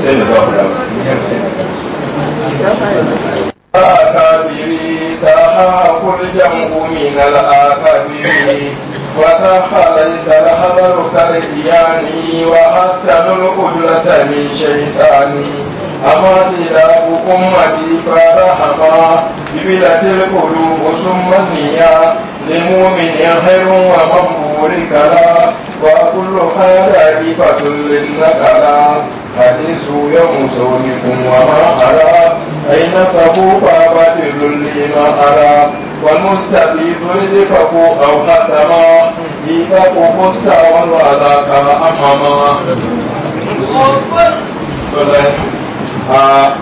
sai da ba ku da الأكابر سرحها كل جنب من الأكابر وسح ليس الخبر كالإيان وحسن الأجلة من شيطان أما تلاب أمتي فرحما جبلت القلوب ثم النيا لمؤمن خير ومغفور كلا وكل هذا إفة للنقلا حديث يوم صومكم وما على أين صفوفا بدل لما على والمستفيد رزقه أو قسما إيفاق مسا كما أمما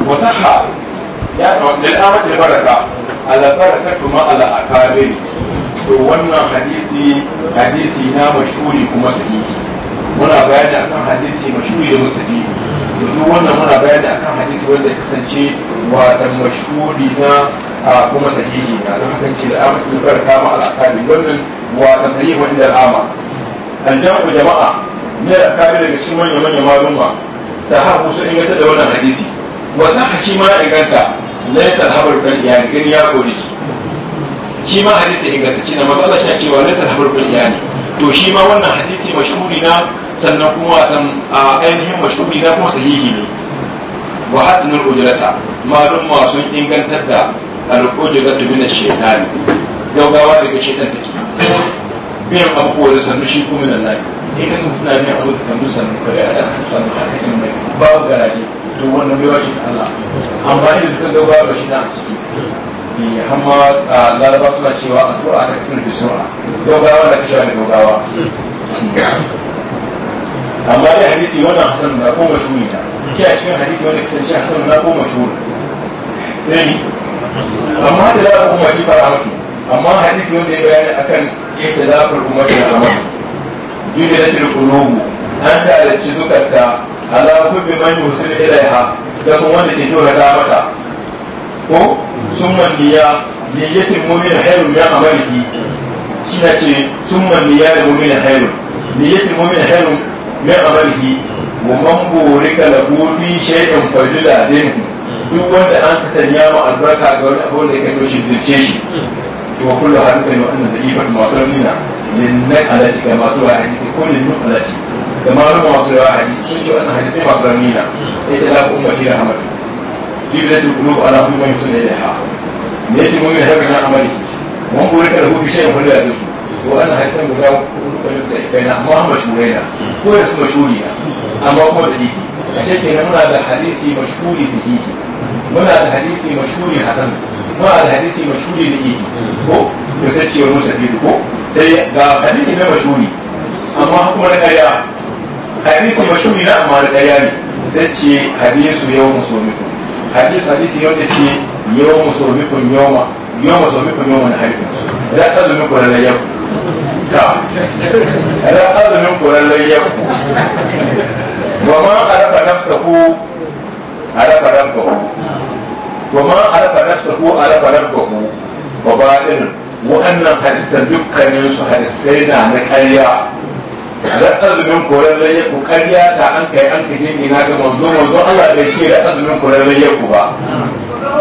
وصح يا للأمة البركة البركة على الأكابر to wannan hadisi hadisi na mashuri kuma sahihi muna bayani akan hadisi mashuri da musulmi to duk wannan muna bayani akan hadisi wanda ya kasance wa dan mashuri na kuma sahihi na don hakan ce da amince bar kama al'akari wannan wa da sahihi wanda al'ama aljamu jama'a ne al'akari daga cikin manya-manya manyan malumma sahabu sun inganta da wannan hadisi wasu hashi ma ya ganta inganta laisa alhabar kan iyali gani ya kore shi shi ma hadisi ingantacce na matsala shi ake wa nasa na farkon iyali to shi ma wannan hadisi mashhuri na sannan kuma dan ainihin mashhuri na kuma sahihi ne wa hasanul ujrata malum ma sun ingantar da al-ujratu min ash-shaytan gaugawa daga shaytan take bin abu da sannu shi kuma na lafi idan mutum na ne. abubuwa da sannu sannu kare a da sannu a cikin mai babu garaje to wannan bai wa shi Allah amfani da ta gaugawa ba shi ta ciki Eh, hamma ah, laraba suna cewa a sura a tattun da suna. dogawa da kashewa da dogawa amma da hadisi wannan hasan da ko mashuri ta ke a cikin hadisi wanda kasance hasan da ko mashuri sai amma da za a kuma yi fara mutu amma hadisi wanda ya bayani akan yadda za a farko mafi da zama duniya da shirin kulobu an ta alalci zukata ala hubbi man yusul ilaiha da kuma wanda ke dora ta mata ko sun manniya niyyatin mu'mina khairun ya amalihi shi na ce sun manniya da mu'mina khairun niyyatin mu'mina khairun ya amalihi wa man burika lahu fi shay'in fadila zainu duk wanda an kasanya ma albarka ga wani abu da ya kai shi zirce shi to kullu hadithin wa anna da'ifat masu ramina lin nakalati ga masu wa hadisi ko lin nukalati da ma masu wa hadisi sun ce wannan hadisi masu ramina sai da la ummati rahmatu جبلت القلوب على كل من يصلي إليها نيتي مهم يحب من عملي وان بوريك له بشيء فلا يزيده وأنا هيسلم بجاو كل يصلي بين أمام مشهورين هو اسم مشهورية أما هو تجيبي عشان كده منا هذا حديثي مشهوري سجيبي منا هذا حديثي مشهوري حسن منا هذا حديثي مشهوري لجيبي هو يفتشي ومسجد هو سيء ده حديثي ما مشهوري أما هو لك حديثي مشهوري لا ما لك يعني سيتشي حديث يوم صومكم حديث حديث يوم تشي يوم صومكم يوم يوم صومكم يوم حديث لا قبل منكم ولا يوم لا قبل منكم ولا يوم وما عرف نفسه عرف ربه وما عرف نفسه عرف ربه وبعدين وأن حديث دكا يوسف حديث سيدنا عن الحياة da azumin korarren yaku karya ta an kai an kaje ni na ga manzo manzo Allah bai ce da azumin korarren yaku ba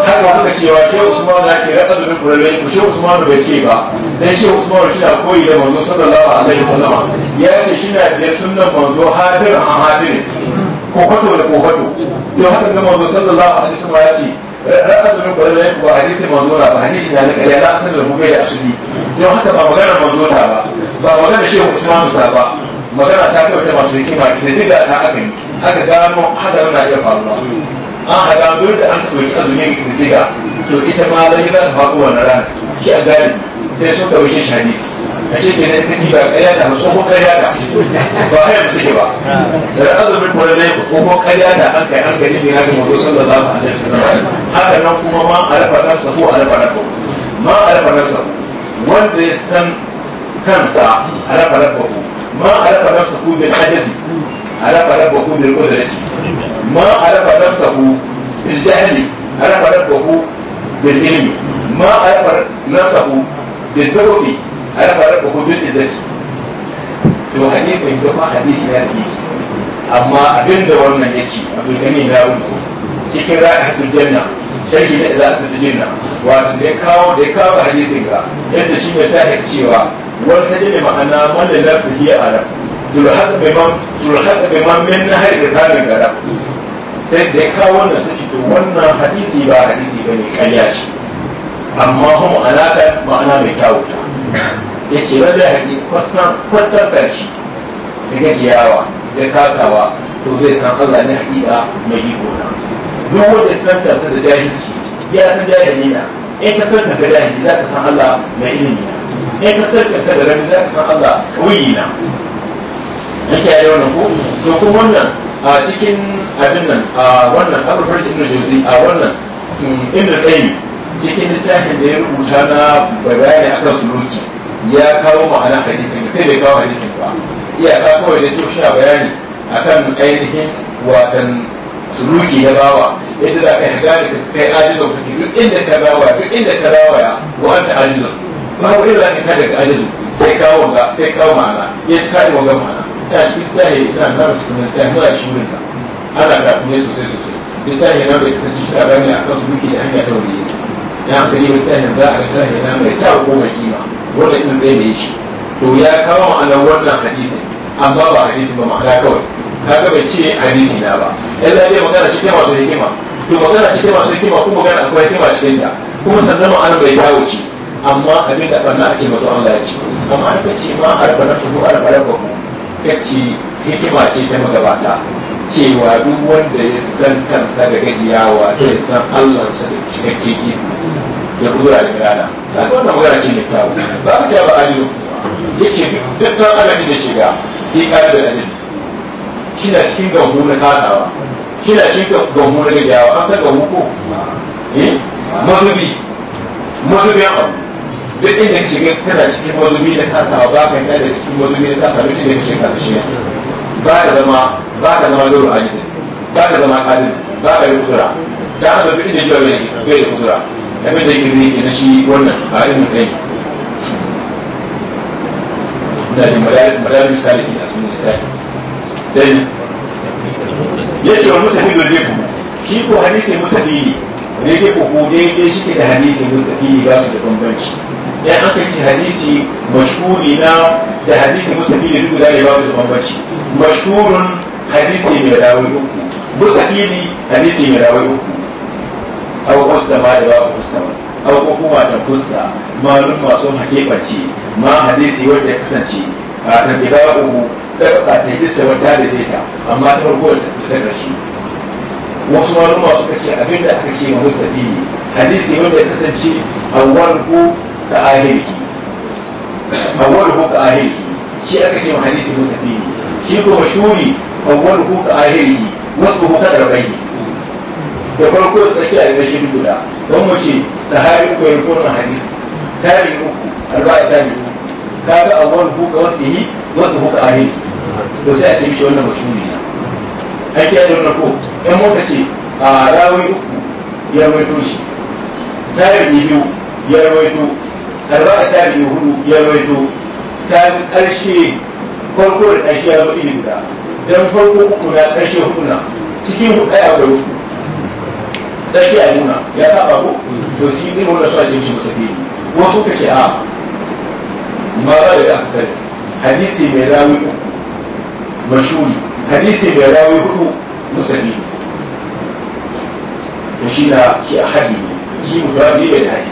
har haka kuka cewa ke Usman na ce da azumin korarren yaku shi Usman bai ce ba dan shi Usman shi na koyi da manzo sallallahu alaihi wasallam ya ce shi na da sunnan manzo hadir a hadir kokoto da kokoto to haka ga manzo sallallahu alaihi wasallam ya ce da azumin korarren yaku ba hadisi manzo na ba hadisi na da kariya na sanar da mu bai da asali don haka ba magana manzo ta ba ba magana shehu Usman ta ba magana ta kai wata masu hikima kididdiga ta aka yi aka gano hadarin na iya faruwa an haɗa dole da an soki azumin kididdiga to ita ma zai za ta faɗo wannan ran shi a gari. sai sun kawo shi shani a shi ke nan kaki ba kariya da so ko kariya da ba a yanzu take ba da azumin kwanan ne ko ko kariya da an kai an kai ne na ga su sallallahu suna wasallam haka nan kuma ma a rafa su ko a rafa nafsa ma a rafa su wanda ya san kansa a rafa nafsa ما عرف نفسه بالعجز عرف ربه بالقدرة ما عرف نفسه بالجهل عرف ربه بالعلم ما عرف نفسه بالدهب عرف ربه بالعزة to hadisin da kuma hadisi ya fi amma abin da wannan ya ci abin gani na rusu cikin ra'atul janna sharhi na izatul janna wato da ya kawo da ya kawo hadisin ga yadda shi ne ta cewa wani ta ne ma'ana wanda za su yi a nan turhaka bai ma min na hari da tarin gada sai da ya kawo wannan su ce to wannan hadisi ba hadisi ba ne karya shi amma kuma alaƙa ma'ana mai kyawu ta ya ce wanda hadisi kwasan karshe da gajiyawa da kasawa to zai san Allah ne hakika mai iko na duk wanda san ta da jahilci ya san jahili na in ka san ta jahilci za ka san Allah mai ilimi na ne ka sarkanta da ranar zaka san Allah wuyi na yake yayi wannan ko to kuma wannan a cikin abin nan a wannan abu farji ibn jawzi a wannan ibn qayyim cikin littafin da ya rubuta na bayani akan suluki ya kawo ma'ana hadisin sai bai kawo hadisin ba iyaka kawai da to shi bayani akan ainihin watan suluki na bawa yadda za ka yi gane kai ajizon su duk inda ka bawa duk inda ka bawa wa anta ajizon babu irin ne kada daga alizu sai kawo ga sai kawo ma'ana ya kada wanga ma'ana ta shi ta yi ina na rasu na ta yi shi wurin ta ana ta kuma sosai sosai bin ta yi na bai tsanci shi a bani a kan su muke da hanya ta wuri ya hankali bin ta yi za a ga ta yi na mai ta shi ma wannan ilimin bai mai shi to ya kawo ma'ana wannan hadisi amma ba hadisi ba ma'ana kawai kaga bai ce hadisi na ba yalla dai magana shi kai masu hikima to magana shi kai masu hikima kuma magana akwai hikima cikin ta kuma sannan ma'ana bai dawo amma abin da ɓarna ce mazu Allah ce amma an ka ce ma na su arbana ba ku kake hikima ce ta magabata cewa duk wanda ya san kansa da gajiyawa ya san allon sa da cikakke iko da kudura da gudana ta ga wannan magana ce mai kyawu ba ka cewa ba a yi ya ce duk ɗan alami da shiga ya ƙara da alamin shi na cikin gambo na kasawa shi na cikin gambo na gajiyawa an san gambo ko eh? mazubi mazubi mazubin abu duk inda ke ga tana cikin mazumi da kasawa ba ka yana da cikin mazumi da kasawa duk inda ke kasa shi ba ka zama ba ka zama dole aji ba ka zama kadin ba ka yi kutura da an zafi inda jiwa ne bai da kutura abin da yake ne na shi wannan a ilimin ɗai da ne madalin misali ke a sun da ta dai ya ce wa musa hizo ne ku shi ko hadisi mutadili ne ne ko ko dai shi ke da hadisi mutadili ba su da bambanci ya aka yi hadisi mashhuri na da hadisi mustafili duk da ya ba su da bambanci mashhurun hadisi mai rawai uku mustafili hadisi mai rawai uku au kusa ma da ba kusa au kuma da kusa malum masu hakikanci ma hadisi wanda ya kasance a tabbata uku da ka ta ji sai wata da ta amma ta farko da ta karshe wasu malum masu kace abinda aka ce mustafili hadisi wanda ya kasance awwal ko ka ahirki awwaluhu ka ahirki shi aka ce hadisi mutafi shi ko mashuri awwaluhu ka ahirki wasu ku kada bai da farko da tsakiya da shi guda don mu ce sahabi ko yin kuma hadisi tabi uku arba'a tabi uku kaga awwaluhu ka yi wasu ku ka ahirki to sai a ce shi wannan mashuri ne ake da wannan ko yan mota ce a rawai uku ya rawaito shi tabi biyu ya rawaito arba'a tabi'i hudu ya rawaito ta karshe farko da karshe ya zo iri guda dan farko uku na karshe hudu na cikin hudu ya akwai uku sarki a nuna ya saba ko to shi zai mura suna cikin shi musafi wasu ka ce a ma ba da aka sani hadisi mai rawi uku mashuri hadisi mai rawi hudu musafi to shi na ki a hadi ne shi mutuwa ne da hadi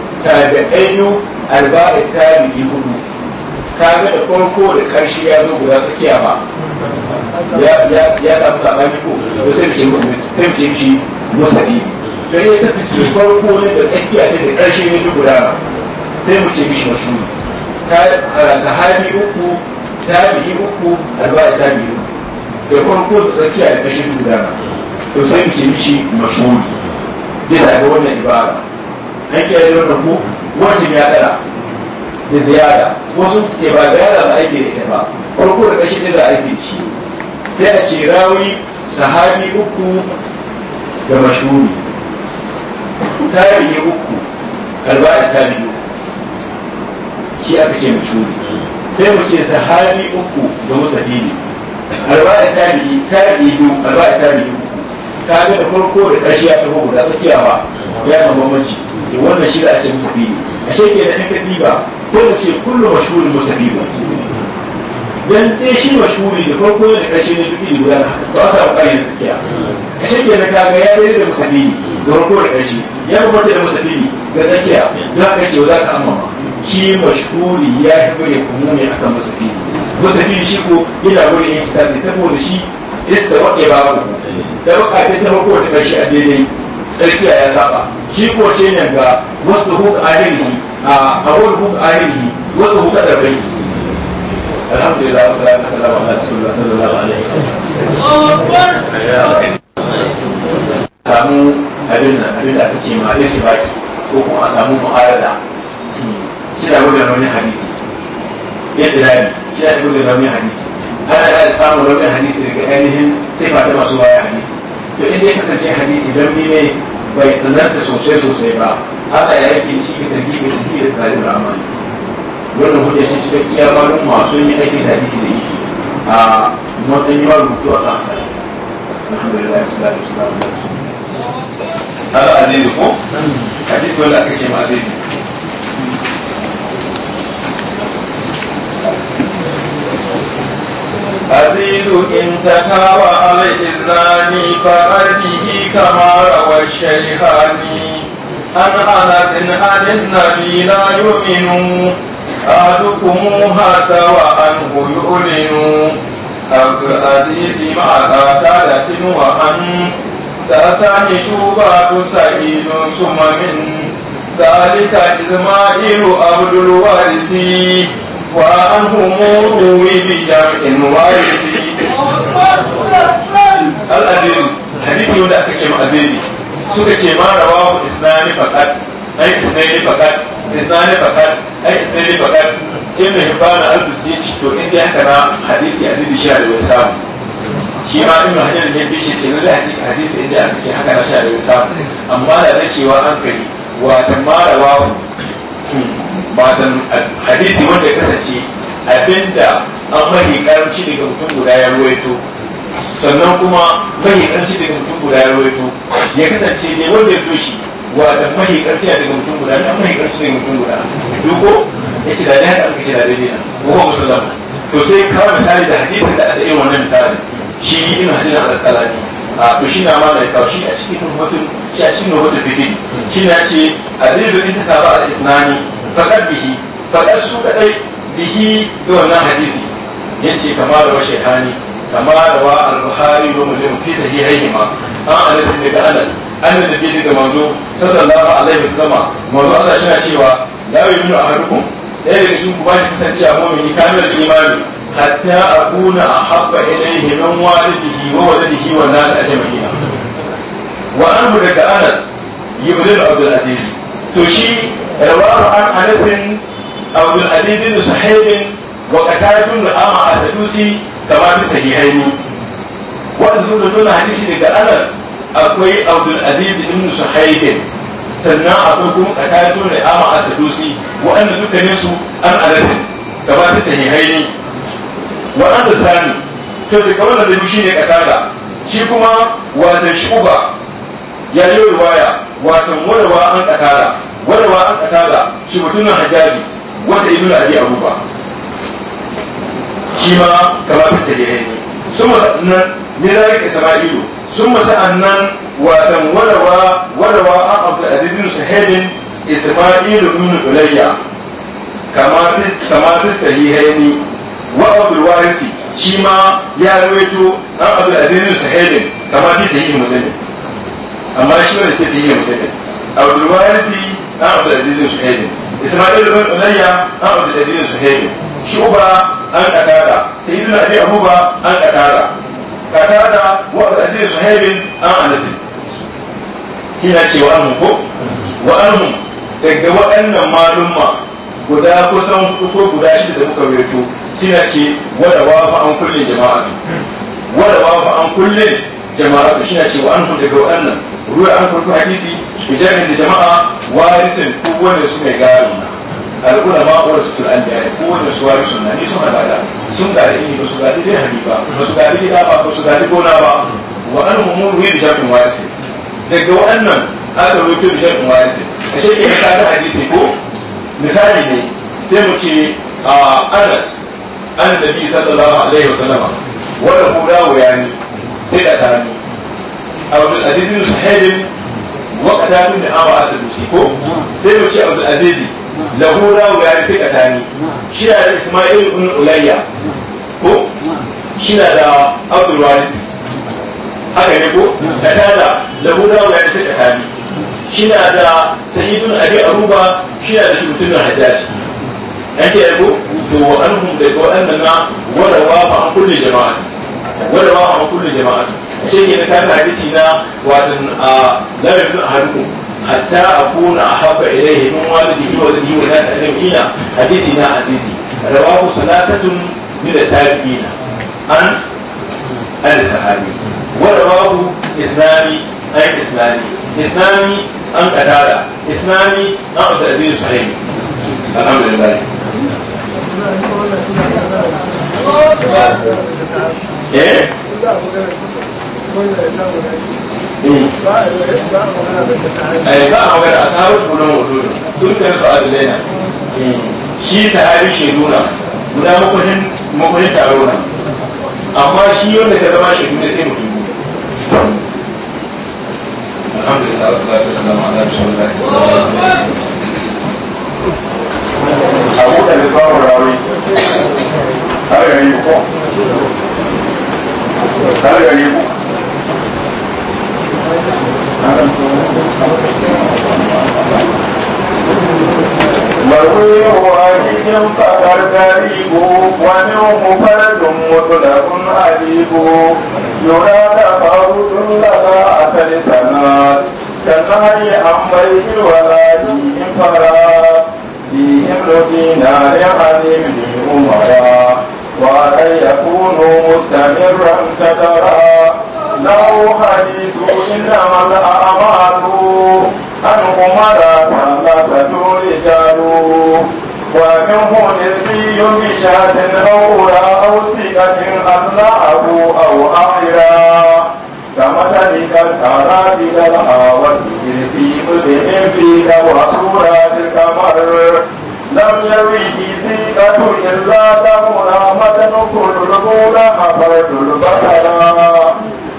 tabi'ayyu arba'in tabi'i hudu kaga da farko da karshe ya zo guda tsakiya ba ya ya ya samu sabani ko to sai ce ce shi musali to ya suke farko ne da tsakiya ne da karshe ne duk guda ba sai mu ce mishi mashhuri ta sahabi uku tabi'i uku arba'in tabi'i uku da farko da tsakiya da karshe duk guda ba to sai mu ce mishi mashhuri bisa ga wannan ibara na kiyaye da ku wajen ya dara da ziyara wasu ce ba ziyara za a ke da ita ba farko da kashi da za a ci sai a ce rawi sahabi uku da mashuri tarihi uku arba'in tarihi shi aka ce mashuri sai mu ce sahabi uku da musafiri arba'in tarihi tarihi biyu arba'in tarihi uku ta ga da farko da ƙarshe ya taho guda tsakiya ba ya kan mace to wannan shi da ake muku biyu a shi da ɗan kaɗi ba sai mu ce kullum mashhuri mutabi ba dan ɗaya shi mashhuri da farko da ƙarshe ne duk guda ba sa ƙarin tsakiya a shi da kaga ya ɗaya da musabi da farko da ƙarshe ya bambanta da musabi ga tsakiya za ka ce za ka amma shi mashhuri ya fi bari kuma ne akan musabi musabi shi ko yana gurin yin saboda shi iska waɗe babu da baka ta farko da ƙarshe a daidai tsakiya ya saba shi ko ce ne ga wasu huk ahirihi a awon huk ahirihi wasu huk adarbai alhamdulillah wasu ya saka zama ala cikin wasu da lawa samu abin abin da ma yake baki ko kuma a samu mu'arada kina gudun wani hadisi yadda dami kina gudun wani hadisi ana da samun wani hadisi daga ainihin sai ba ta masu baya hadisi to inda ya kasance hadisi don ne bai tsananta sosai sosai ba haka ya yake ci da tarbi da tafi da tsari da amani wannan hujja shi cikin kiyamalin masu yi ake da hadisi da yake a matan yawa rubutu a kan alhamdulillah sallallahu alaihi wasallam al-aziz ko hadisi wanda aka ce ma aziz أزيد إن تكاوى على الإذنان فأرده كما روى الشيخاني أن أنس عن النبي لا يؤمن أهلكم هذا وأنه يؤمن عبد العزيز مع قتادة وأن تأسان شوبات سعيد ثم من ذلك إسماعيل عبد الوارث وأهم ذوي بجمع وارثي الأدل حديث يودا كشم أدلي suka ce ma rawahu isnani fakat ai isnani fakat isnani fakat ai isnani fakat ibn hibban al-busi yace to in dai haka hadisi annabi shi da wasamu shi ma ibn hajar ne bi shi ce ne da hadisi da amma da cewa an wa wawu ba matan hadisi wanda ya kasance abinda an mahi karanci daga mutum guda ya ruwaito sannan kuma mahi karanci daga mutum guda ya ruwaito ya kasance ne wanda ya toshi da mahi karanci daga mutum guda ne an mahi karanci daga mutum guda duko ya ce da ne haka aka ce da daidai na kuma musulman to sai kawai misali da hadisin da aka yi wannan misali shi yi ina hadin al-kalani a to shi na mamaye kawo shi a cikin rubutun shi a cikin rubutun fitin shi na ce a zai zo in ta ba al-isnani faɗar bihi faɗar su kaɗai bihi da wannan hadisi ya ce kama da washe hani kama da wa al-buhari wa muslim fi sahihaihi ma an anas da anas an da bi daga manzo sallallahu alaihi wasallam manzo Allah shi na cewa la yu'minu ahadukum ɗaya daga cikin ku ba shi kasancewa mu'mini kamilul imani hatta akuna ahabba ilayhi min walidihi wa waladihi wa nas ajma'in wa anhu daga Anas ibn Abdul Aziz to shi rawahu an Anas Abdul Aziz bin Suhaib wa Qatada bin Ama Asadusi kama bi sahihaini wa zuwa dole hadisi daga Anas akwai Abdul Aziz ibn Suhaib sannan akwai kuma Qatada bin Ama Asadusi wa annu an wa an sani to da kawai da biyu shine katada shi kuma wata shuba ya yi riwaya wata wadawa an katada wadawa an katada shi mutumin hajjabi wasa ibnu abi abuba shi ma kama bisa da yayi sun nan ne zalika sama'ilu sun annan watan wadawa wadawa an abdul aziz bin sahidin isma'ilu bin ulayya kama bisa kama bisa wa abul warisi shi ma ya rawaito an abul aziz sahibin kama fi sahihi muslim amma shi wanda ke sahihi muslim abul warisi an abul aziz sahibin isma'il bin ulayya an abul aziz sahibin shuba an qatada sayyidina abi abuba an qatada qatada wa abul aziz sahibin an anas kina cewa an ko wa an daga waɗannan malumma guda kusan ko guda shida da muka rawaito suna ce wada wa fa an kullin jama'a wada wa fa an kullin jama'a shi ce wa an hu daga wannan ruwa an kurku hadisi ijarin da jama'a warisin ko wanda su mai gado na al'ula ma ko su an da ko wanda su wari sunna ni sun da sun gari ni ba su da dai hadi ba su gari da ba ba su gari gona ba wa an hu mun ruwa ijarin warisin daga wannan aka rubuta ijarin warisin ashe ke ta hadisi ko misali ne sai mu ce a Anas An da annabi sallallahu alaihi wasallam wanda kura wayani sai da tani abdul aziz bin sahib wakata qatatu min awa al-dusi ko sai mu ce abdul aziz lahu rawaya sai da tani shi da isma'il ibn ulayya ko shi da abdul waris haka ne ko da tada lahu rawaya sai da tani shi da sayyidun abi aruba shi da shi mutumin hajjaji yake yabo to wa anhum da ko annana warawa ba a kulli jama'a warawa a kulli jama'a shi ne na kasa hadisi na watan a lamin harku hatta akuna ahabba ilayhi min walidihi wa walidihi wa nas ajma'ina hadisi na azizi rawahu salasatun min at-tabi'ina an al-sahabi wa rawahu islami ay islami islami an qadara islami an aziz sahih alhamdulillah eh ba a magana a sahabar tunan wato sun kai su adalai na shi sahabi shaidu na guda makwanin taro na amma shi wanda ka zama shaidu ne sai mutum الحمد لله والصلاه والسلام على رسول الله a buɗe littafin rawi tare da ribu ko tare da ribu مريح واحد فقد غريب ونوم فرد مطلق عجيب يرى تفاوت لدى أسر سنات كالنهي عن بيت الولاد انفراد فيهم رضينا لعليم أمرا وأن يكونوا مستمرا تترى له حديث إنما الأعمال أن أمرا ثلاثة رجال ومنه نسبي بشاة أو أو سئة أصلعه أو أعلاه كمثل كالقراب لها والدين في مدن في وصورة القمر لم يره سيقة إلا دمنا متن كل الأولى حبرت البصر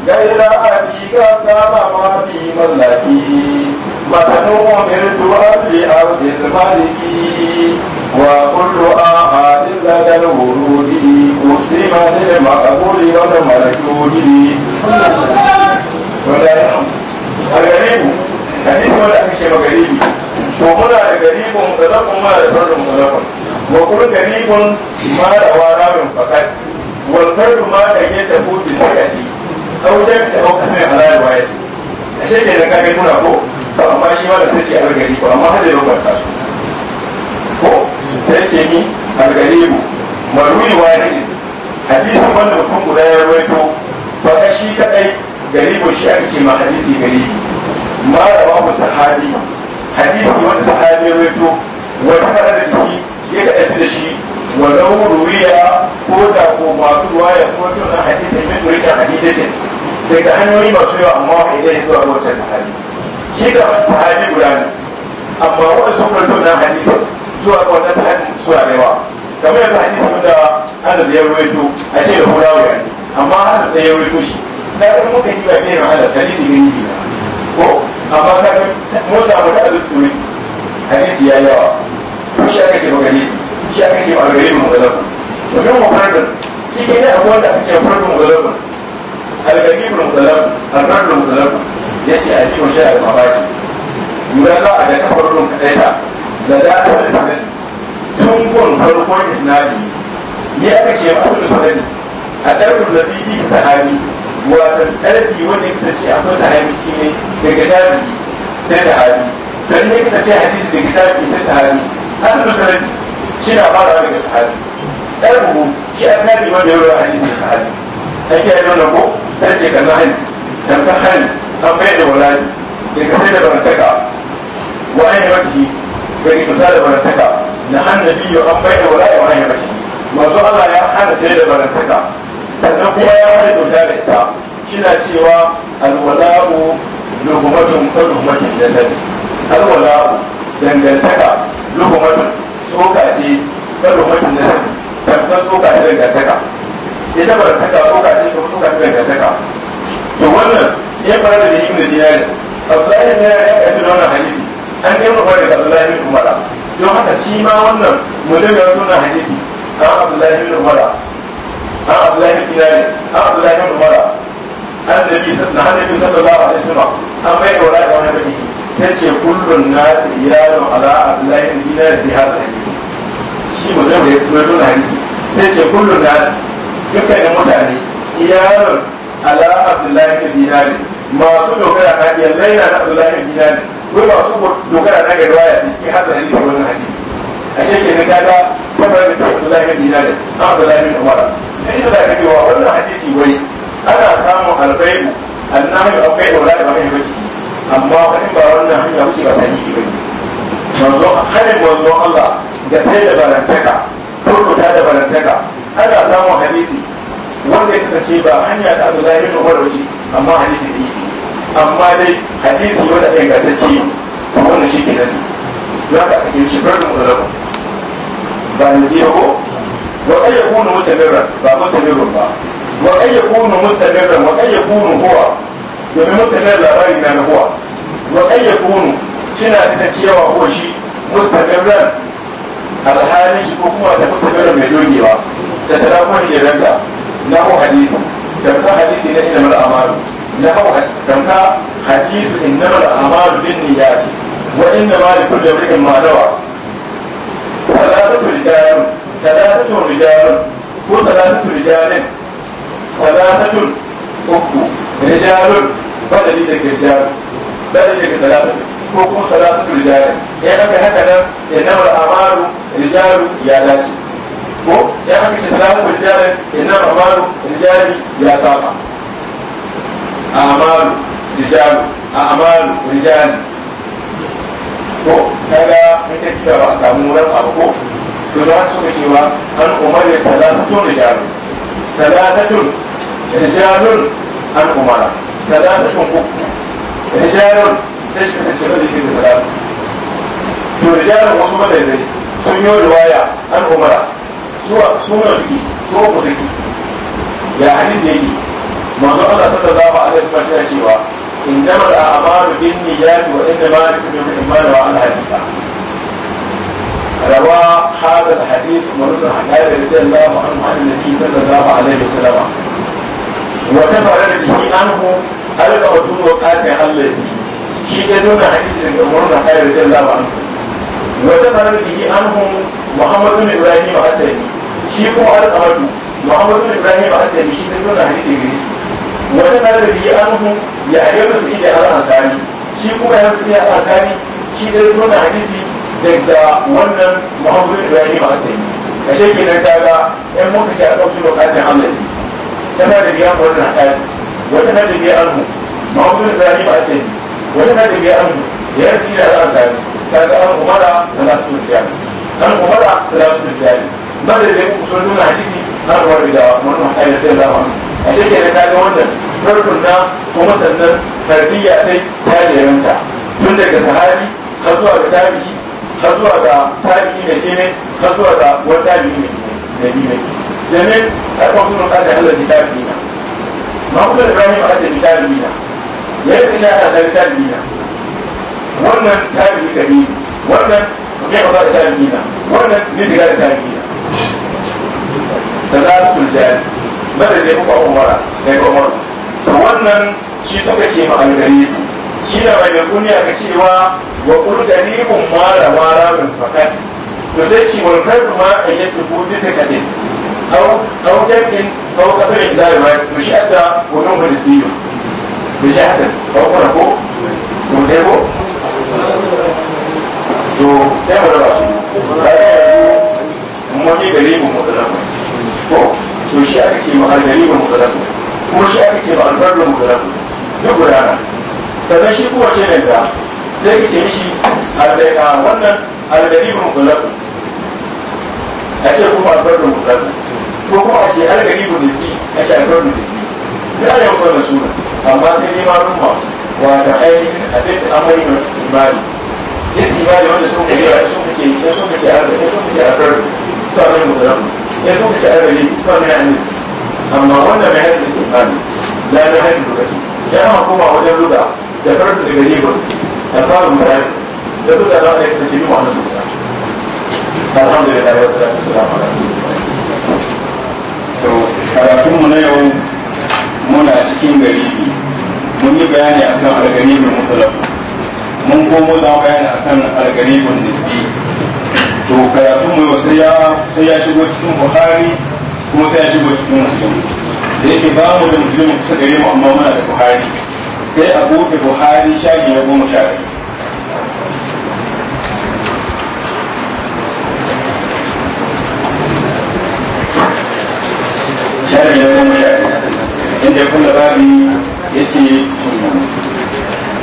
غير أبيك سلام في ملكي متن أمرت أبي أرض الملك وكل أرض عزة الورود أسلم للمقبول والمردود الغريب حديث ولا أكشف غريب وقل غريب مطلق ما لفرد مطلق وقل غريب ما روى راو فقط والفرد ما تجده بسكتي أو جمع أو كسر على روايته ashe ne na kage nuna ko to amma shi ma da sai ce a gari ko amma hajjin rubar ta ko sai ce ni algalimu maruyi wani hadisi wanda mutum guda ya rawaito ba shi kadai galibu shi aka ce ma hadisi galibu ma da babu sahabi hadisi wanda sahabi ya rawaito wata fara da biki ya ɗafi da shi walau ruwiya ko da ko masu ya su wato na hadisi min turika ce. daga hanyoyi masu yawa amma wa idan zuwa wata sahabi shi da sahabi guda ne amma wani sun rawaito na hadisi zuwa ga wannan sahabi sura da yawa kamar yadda hadisi da hadar da ya rawaito a ce da hura wuya ne amma hadar da ya rawaito shi ta ga muka yi ba ne hadar hadisi ne yi ko amma ta ga mu samu ta azuki hadisi ya yawa shi aka ce magani shi aka ce magani mu galabu to kan mu fardin cikin ne akwai wanda aka ce fardin mu galabu algani mu galabu alfardin mu galabu yace a ji mu shi a mabaki yura za a ga kafarun kaɗai ta da datar sanin tun gun farkon isnadi ya kace ya fi fadani a ɗarfin da zidi sahabi wata ɗarfi wanda ya kasance a son sahabi shi ne daga tabi sai sahabi dan ya kasance hadisi daga tabi sai sahabi har da sanadi shi na fara daga sahabi ɗarfu shi an tabi wanda ya rawa hadisi da sahabi ake yi wannan ko sai ce kan hani tamkar hani bayyana wala ne da kasance da barantaka wa'ayyar wata gani ta da barantaka na annabi an bai da wala wa hanyar mace masu Allah ya hana sai da barantaka sannan kuma ya hana da da ita shina cewa alwala'u lugumatun ko lugumatun da sani alwala'u dangantaka lugumatun tsoka ce ko lugumatun da sani tabbas tsoka ce dangantaka ita barantaka tsoka ce ko tsoka ce dangantaka to wannan ya fara da da ibnu dinar abdullahi ne ya kafa wannan hadisi an yi mafari da Allah ibn Umar don haka shi ma wannan mutum ya nuna hadisi an Abdullahi ibn Umar an Abdullahi ibn Dinari an Abdullahi ibn Umar an nabi sallallahu alaihi wasallam an bai da wala da wani nabi sai ce kullun nasu iyalun ala Abdullahi ibn Dinari da hadha hadisi shi mutum ya nuna hadisi sai ce kullun nasu dukkan mutane iyalun ala Abdullahi ibn Dinari masu dogara ta yallai na abdullahi gida ne wai masu dogara ta ga riwaya ne ke hadda hadisi wannan hadisi a shekin na kaga tabbata da abdullahi gida ne na abdullahi bin umara ta inda za ka wa wannan hadisi wai ana samun albaibu annahu akwai dogara da bakai bace amma wani ba wannan hanya wuce ba sahihi ba manzo hadin manzo Allah da sai da barantaka ko turkuta da barantaka ana samun hadisi wanda ya kasance ba hanya ta abu zai mutu mara wuce amma hadisi ne amma dai hadisi wanda ɗan ce wanda shi ke nan ya ka ake shi birnin mutalaba ba ne biya ko wa kai ya kunu mustamirran ba mustamirran ba wa kai ya kunu mustamirran wa kunu huwa domin mustamirran labari na na huwa wa shi na kunu kina kasancewa ko shi mustamirran alhali shi ko kuma ta mustamirran mai dogewa da ta damuwa ne ranta na nahu hadisi tamka hadisi na inna mal amalu nahu tamka hadisu inna mal amalu bin niyyati wa inna ma da kulli imrin ma nawa salatatu rijalun salatatu rijalun ko salatatu rijalun salatatu uku rijalun badali da rijalun badali da salatatu ko kuma salatatu rijalun ya haka haka nan inna mal amalu rijalu ya dace ko ya haka shi zamu jari ina amalu jari ya saba amalu rijalu amalu rijali ko kaga kake da ba samu ran abu ko to da su cewa an umar ya salasatun rijalu salasatun rijalun an umara salasatun ko rijalun sai shi kasance da yake salasatun to rijalun wasu mutane sun yi riwaya an umara suwa suna suke suwa ku suke ya hadisi yake manzo Allah sallallahu alaihi wa sallam cewa innama al bin niyyati wa innama likulli imrin ma Allah hadisa روى هذا الحديث عمر بن الخطاب رضي الله عنه عن النبي صلى الله عليه وسلم وتفرد به عنه القى رسول وقاسم الذي شيء دون حديث عمر بن الخطاب رضي الله عنه wata farar jiki an hun muhammadu ibrahim al-tari shi kuma al-amadu muhammadu ibrahim al-tari shi ta nuna hadisi gare wata farar jiki an hun ya ayyuka su ida al-ansari shi kuma ya fita al-ansari shi ta nuna hadisi daga wannan muhammadu ibrahim al-tari a shekinan kaga yan muka ce a ɗauki lokacin amnesty tana da biya wannan hadari wata na da an hun muhammadu ibrahim al-tari wata na da an hun ya rufi ya al-ansari kaga an umara salatu riyal an umara salatu riyal madadin usulun hadisi an umara da wannan hayar da zaman a kaga wannan farkon na kuma sannan tarbiyya ta ta tun daga har zuwa ga har zuwa ga har zuwa ga wani da domin a kan kuma kasa Allah ta tabi'i na ma kuma da Ibrahim a ta na ta tabi'i na wannan tabi'i kabiri wannan mai wasa da na wannan ne shiga da tabi'ina na jari mata da kuma umara da umar to wannan shi suka ce ma algaribu shi na bai mai ka cewa wa wa kul garibun mara mara min fakat to sai ci wal kadu ma ayyatu bu da أو أو تمكن أو سفر إحدى الروايات مش أدى ونوم الدين مش ko? ko dai ko? to sai mu raba su sai mu wani mu mutalaq ko to shi aka ce ma garibin mutalaq kuma shi aka ce ma albarru mutalaq duk gudana sannan shi kuma ce mai ga sai ka ce shi albaika wannan algaribin mutalaq a ce kuma mu mutalaq ko kuma a ce algaribin dinki a ce albarru dinki ya yi wani suna amma sai ne ma rumma wato ainihin abin da amari mai istimali istimali wanda sun kuke yawa sun kuke ya sun kuke arba ya sun kuke arbar to a mai mutum ya sun kuke arba ne to a mai amin amma wannan mai haifin istimali la mai haifin lokaci ya ma koma wajen ruga da farko daga ribar da farin bayan da ruga za a yi sake yi ma'ana su guda alhamdulillah ya wasu da su da su karatunmu na yau mun yi bayani akan mai mutlaq mun komo da bayani akan mai nufi to karatu mai wasu sai ya shigo cikin buhari kuma sai ya shigo cikin musulmi da yake ba mu da muslim kusa gare mu amma muna da buhari sai a buɗe buhari shafi na goma sha biyu shafi na goma sha biyu inda kuma babi ya ce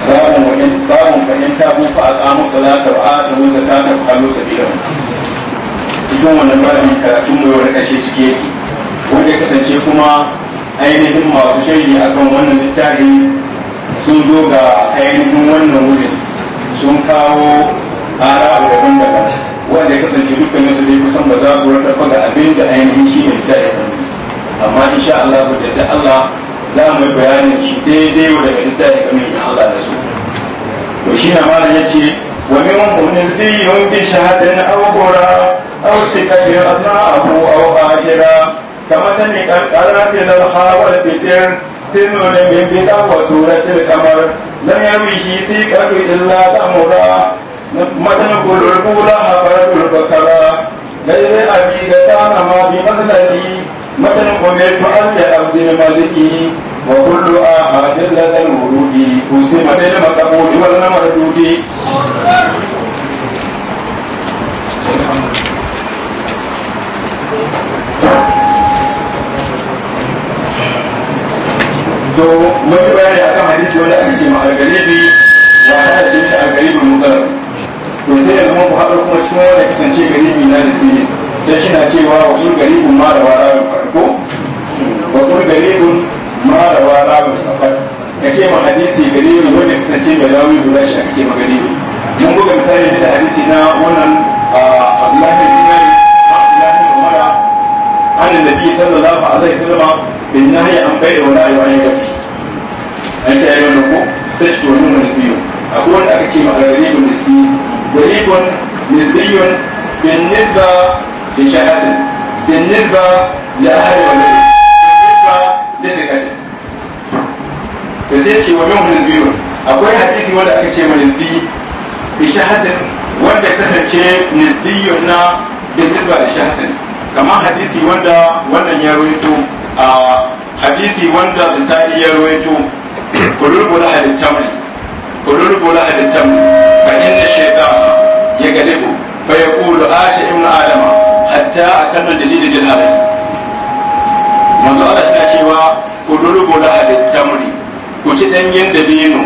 babun wajen babun fahim ta bufa a tsamu salata wa ata wuta ta ta kalu sabilan cikin wannan babin karatun mai wani ƙarshe ciki yake wanda ya kasance kuma ainihin masu shari akan wannan littafi sun zo ga ainihin wannan wurin sun kawo ara daban-daban wanda ya kasance dukkanin su dai kusan ba za su rarrafa ga abin da ainihin shi ne littafi amma insha Allah da Allah za mu yi bayanin shi daidai wa daga inda ya kame ya Allah da su to shi na malam ya ce wa min mu'min biyun bi shahadatin aw gura aw sikatin azna abu aw ajira kama ta ne karqaratin da hawal bidir tinu ne min bida wa suratil kamar lam sai sikatu illa ta tamura matan kulul kula habarul basara gairi abi da sana ma bi mazlati مثلا قمرت أن لأبد الملك وكل أحد لدى الورود قسم للمقبول والمردود to mun yi bayani akan hadisi wanda aka ce ma'algaribi ya hada ce mishi algaribin mutar to sai yanzu mun haɗa kuma shi wanda kasance garibi na da fiye sai shi na cewa wa kun garibun ma da warabin farko wa kun garibun ma da warabin kafar ka ce ma hadisi garibun wanda kasance da rawi guda shi a ce ma garibun mun buga misali da hadisi na wannan abdullahi bin mali abdullahi bin umara an annabi sallallahu alaihi wasallam bin nahi an bai da wala ayu ayyuka an ta yi wannan ko sai shi wannan mun biyo akwai wanda aka ce ma garibun nisbi garibun nisbiyun nisba inshakasin bin nisba da ahari wani nisba da sai da zai ce wa min hulun biyu akwai hadisi wanda aka ce wani fi inshakasin wanda kasance nisbiyun na bin nisba da inshakasin kamar hadisi wanda wannan ya rawaito a hadisi wanda zisari ya rawaito kudur bula halittar mai kudur bula halittar mai fahimta shaita ya gale bu fa ya kulu ashe ibn adama hatta a kan dalilin da harin manzo Allah shi cewa ku rurubu da hadin tamri ku ci danyen da bino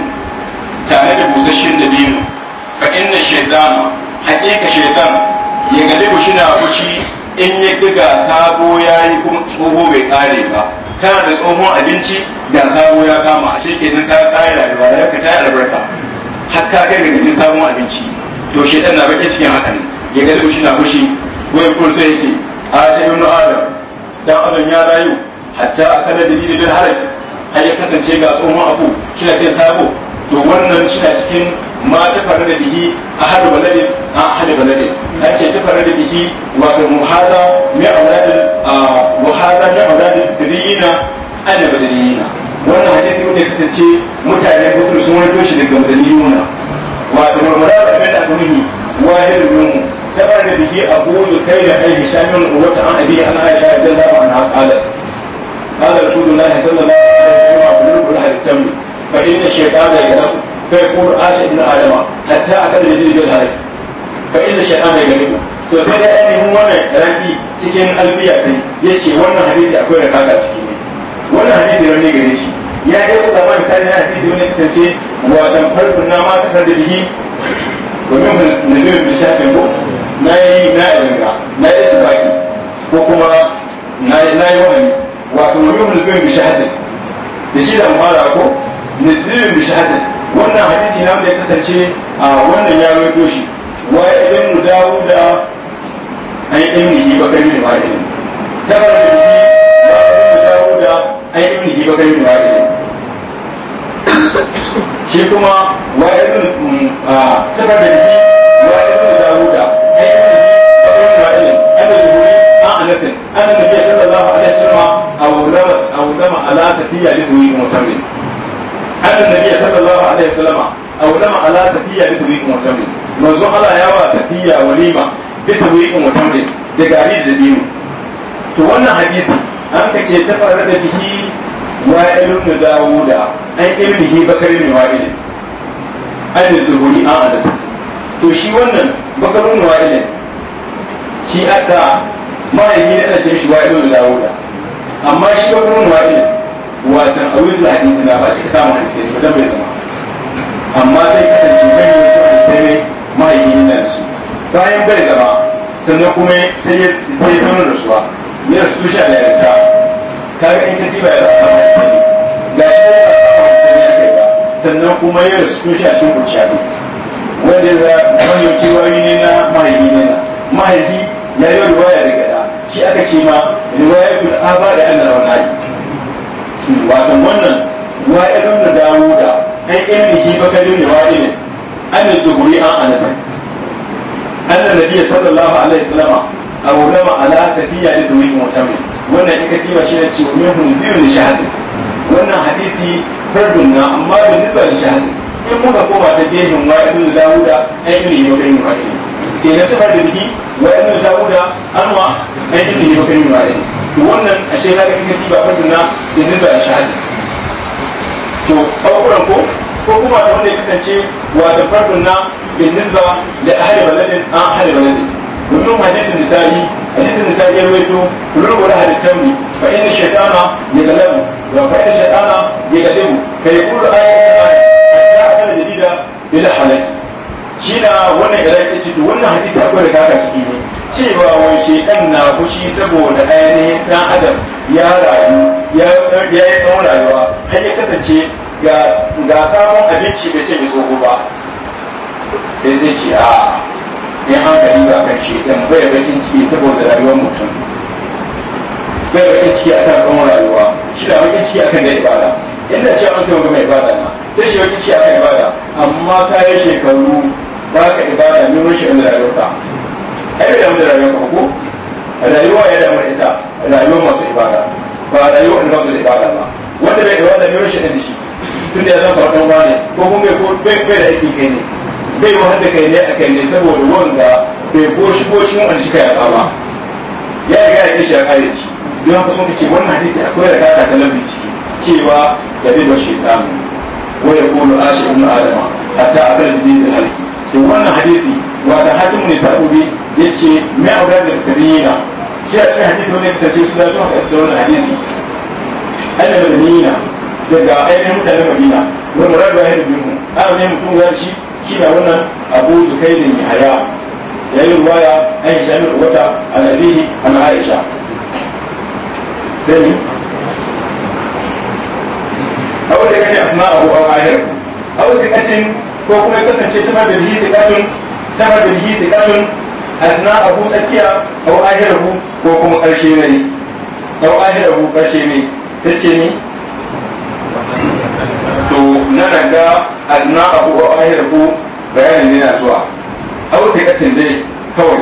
tare da busasshen da bino fa inna shaytana haƙiƙa shaytan ya ku shi na fushi in ya diga sabo yayi kuma tsoho bai kare ba kana da tsohon abinci da sabo ya kama a nan ka kare rayuwa ya ka tayi albarka har ka kai ga sabon abinci to shaytan na bakin cikin ne ya ga shi na shi wai ko sai ce a shi ibnu adam dan adam ya rayu hatta akala da dalilin haraki har ya kasance ga tsohon abu kina ce sabo to wannan shi cikin ma ta fara da bihi a hada balade a hada balade an ce ta fara da bihi wato muhaza mai auladin muhaza mai auladin sirriyina ana baladiyina wannan hadisi wanda ya kasance mutane musulun sun wani shi daga baladiyuna wato murmura da abin da aka muhi wahidun yomu تبرد به أبو يكيل أي هشام القوة عن أبي أنا عائشة رضي الله عنها قال رسول الله صلى الله عليه وسلم أبلغ لها الكمل فإن الشيطان يغلب فيقول عاش ابن آدم حتى أكل يدي الهرج فإن الشيطان يغلبه to sai da ainihin wannan raki cikin albiya ya ce wannan hadisi akwai da kaka ciki ne wannan hadisi wani gare shi ya yi kuka ma misali na hadisi wani kasance watan farkon na ma da bihi na yi na yi ringa na yi baki ko kuma na yi na yi wani wato wani hulbin bishi hasin da shi zan fara ko dirin bishi hasin wannan hadisi na da kasance a wannan ya roƙo shi wa idan mu dawo da an ilmihi bakari ne ba ilmi tabar da biki ba mu dawo da an ilmihi bakari ne ba ilmi shi kuma wa irin tabar da biki wa irin dawuda manzo ya wa safiya walima bisa wikin mutamrin da gari da dabino to wannan hadisi an ka ce ta fara da bihi da dawuda an ibnihi bakari an zuhuri an adasa to shi wannan bakarun wa'ilin shi adda mahaifi na ɗancin shi wa'ilu da dawuda amma shi bakarun wa'ilin watan a wuzul hadisi na ba cika samun hadisi ne dan bai zama amma sai kasance mai yawanci hadisai ne mahaifi na da su bayan bai zama sannan kuma sai ya zama da suwa ya rasu tushe da yarda kaga in ta diba ya za a samu ne ga shi ya samu hadisai ne a kai ba sannan kuma ya rasu tushe a cikin kurciya wanda ya mahaifi wani ne na mahaifi ne na mahaifi ya yi riwaya daga da shi aka ce ma riwaya kun aba da an rawa nayi wato wannan wa'idun da dawo da irin an ilmihi bakarin da wa'idin an da zuhuri an anasa an da nabiya sallallahu alaihi wasallama a wurama ala safiya da zuwikin mutamin wannan in ka diba shi ne cewa min hun biyu ne shahasi wannan hadisi fardun na amma da nisba da shahasi in muka koma ta gehen wa ibnu dawuda ai ibnu yabkan wa kenan ta da biki wa ibnu dawuda anwa ai ibnu yabkan wa to wannan a shekara ga kike ba fadin da dinin a shahadi to aukuran ko ko kuma da wanda ya kasance wa da fardun na dinin ba da ahli baladin a ahli baladin domin hadisin misali hadisin misali ya wato lura da hadisin fa inna shaytana yaghlabu wa fa inna shaytana yaghlabu fa yaqulu ayatan ayatan jadida ila halaki shina wannan iraki ciki wannan hadisi akwai da ciki ne cewa wai shaytan na fushi saboda ainihin dan adam ya rayu ya yi tsawon rayuwa har ya kasance ga sabon abinci da ce tsoho ba sai zai ce a ne hankali ba kan shaytan bai bakin ciki saboda rayuwar mutum bai bakin ciki a kan tsawon rayuwa shi da bakin ciki akan da ibada inda cewa an taimaka mai ibada na sai shi bakin ciki a kan ibada amma kayan shekaru ba ka ibada ne wani shekaru da rayuwarka ai da mu da rayuwarka ko rayuwa ya damu ita rayuwar masu ibada ba rayuwa inda masu ibada ba wanda bai ibada ne wani shekaru da shi tun da ya zama farkon ba ne ko kuma bai bai da aiki kai ne bai wahar da kai ne a kai ne saboda wanda bai ko shi ko shi wani shi kai a ba ya yi gaya ke shi a kare shi don haka sun ce wannan hadisi akwai da kaka ta lafi ciki cewa da bai bar shaitanu wa ya kulu ashe ibn adama hatta abin da bai da halki to wannan hadisi wata hakimu ne sa'ubi ya ce mai aure da sabiyina shi a cikin hadisi wani kasance su da suna da wannan hadisi ana madanina daga ainihin mutanen madina wa muradu ya hidu minhu a ne mutum ya shi shi na wannan abu da kai da ya yi ruwaya an yi shamil wata a abihi an aisha sai ni aw sai kace abu aw ahir aw sai kace ko kuma kasance ta da bihi sikatun tana da bihi sikatun abu sakiya aw ahirahu ko kuma karshe ne aw ahirahu karshe ne sai ce ni to na nan ga abu aw ahirahu bayanin ne na zuwa aw sai kace dai kawai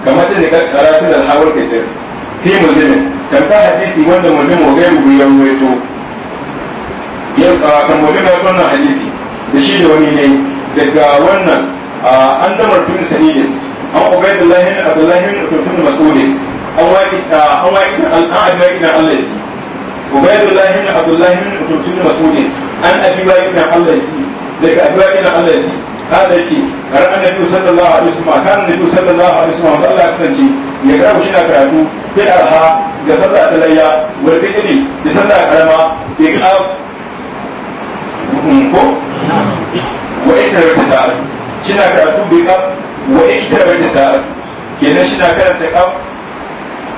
kamar tun da ka karatu da hawar kafir fi mulimin tabba hadisi wanda mulimin wa gairu ya ruwaito kan mulimin ya wannan hadisi da shi da wani ne daga wannan an damar tun sanidin an ubaidullahi abdullahi ibn mas'udin an waƙi an waƙi an abi waƙi na Allah yasi ubaidullahi abdullahi ibn mas'udin an abi waƙi na Allah yasi daga abi waƙi na Allah yasi kada ce kar biyu sallallahu alaihi wasallam kan biyu sallallahu alaihi wasallam Allah ya kasance ya karabu shi na karatu fi arha ga sallah ta layya wal fitri sallah karama iqam ko wa ikra ta sa'a kina karatu bi qam wa ikra ta sa'a kenan shi na karanta qam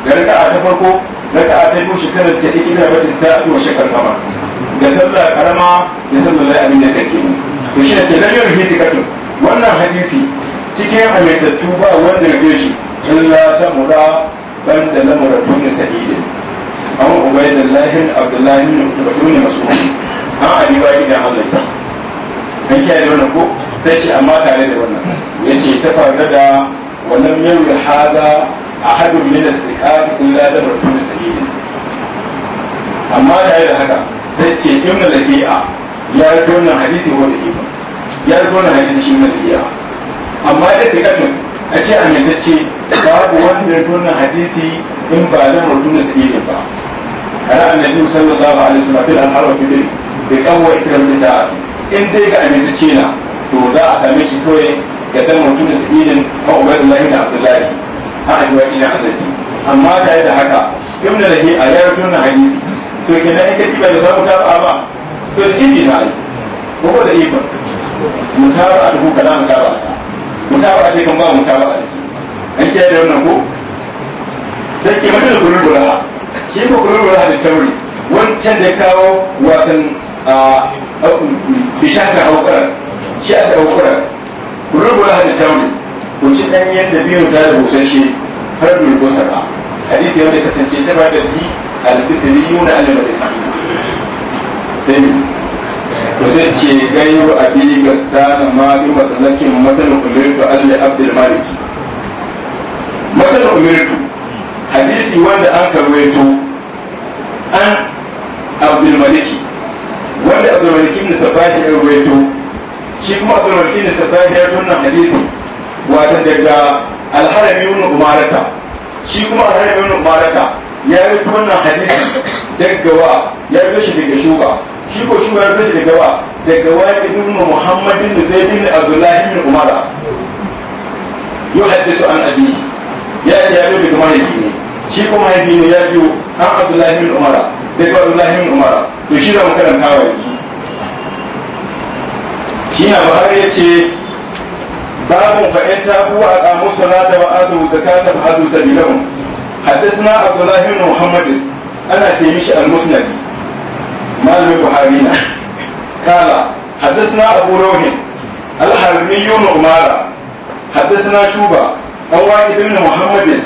ga raka'a ta farko raka'a ta biyu shi karanta ikra ta sa'a wa shakar kamar ga sallah karama da sallah layya abin da kake to shi ne wannan hadisi cikin halittattu ba wanda ya shi illa ta mura ban da lamar duniya sa'idin an ubaidallahi abdullahi ne mutum ne masu an abi wa gidan allah sa an kiyaye da wannan ko sai ce amma tare da wannan ya ce ta faru da wannan yau da haza a hadin mina sikati illa da barkun sahili amma tare da haka sai ce ibn lafi'a ya rufe wannan hadisi ko yi ifa ya rufe wannan hadisi shi ibn lafi'a amma da tun a ce amintacce babu wanda ya tona hadisi in ba na mutum da sahihin ba kana annabi sallallahu alaihi wasallam bil alharwa bidri bi qawwa ikram sa'ati in dai ga ta Cina. to za a same shi kawai ga dan mutum da sahihin ha lahi da abdullahi ha ajiwa ina azasi amma yi da haka da rahi a ya tona hadisi to kenan na kadi ba da samu ta ba to jini na ai ko ko da ikon mutaba alhu kalam mutaba mutaba ake kan ba mutaba ake an kiyaye da wannan ko sai ce mata da kulurura shi ko kulurura da tauri wancan da kawo watan bishasar aukurar shi a da aukurar kulurura da tauri kunci ɗanyen da biyun ta da busasshe har da busa ba hadisi wanda kasance ta ba da bi al-bisri yun al-madina sai ku sai ce gairu abi ga sana ma bi masallakin matan umirtu alli abdul maliki matan umirtu hadisi wanda an karwaito an abdulmaliki wanda abdulmaliki ibn sabahi ya rawaito shi kuma abdulmaliki ibn sabahi ya tunna hadisi wata daga alharami ibn umarata shi kuma alharami ibn umarata ya rawaito wannan hadisi daggawa ya rawaito shi daga shuba shi ko shuba ya rawaito daga wa daga wani ibn muhammadin zaid ibn abdullahi ibn umara yuhaddisu an abihi ya ce ya bi kuma ne bini shi kuma ya bini ya ji an abdullahi bin umara da ba abdullahi bin umara to shi da mutum kawai shi na ba har yace babu fa'in ta abuwa a kamu salata wa adu zakatan adu sabilan haddathna abdullahi bin muhammad ana ce mishi al-musnad malamin buhari na kala haddathna abu rohin al-harbi yunu umara haddathna shuba أو واحد من محمد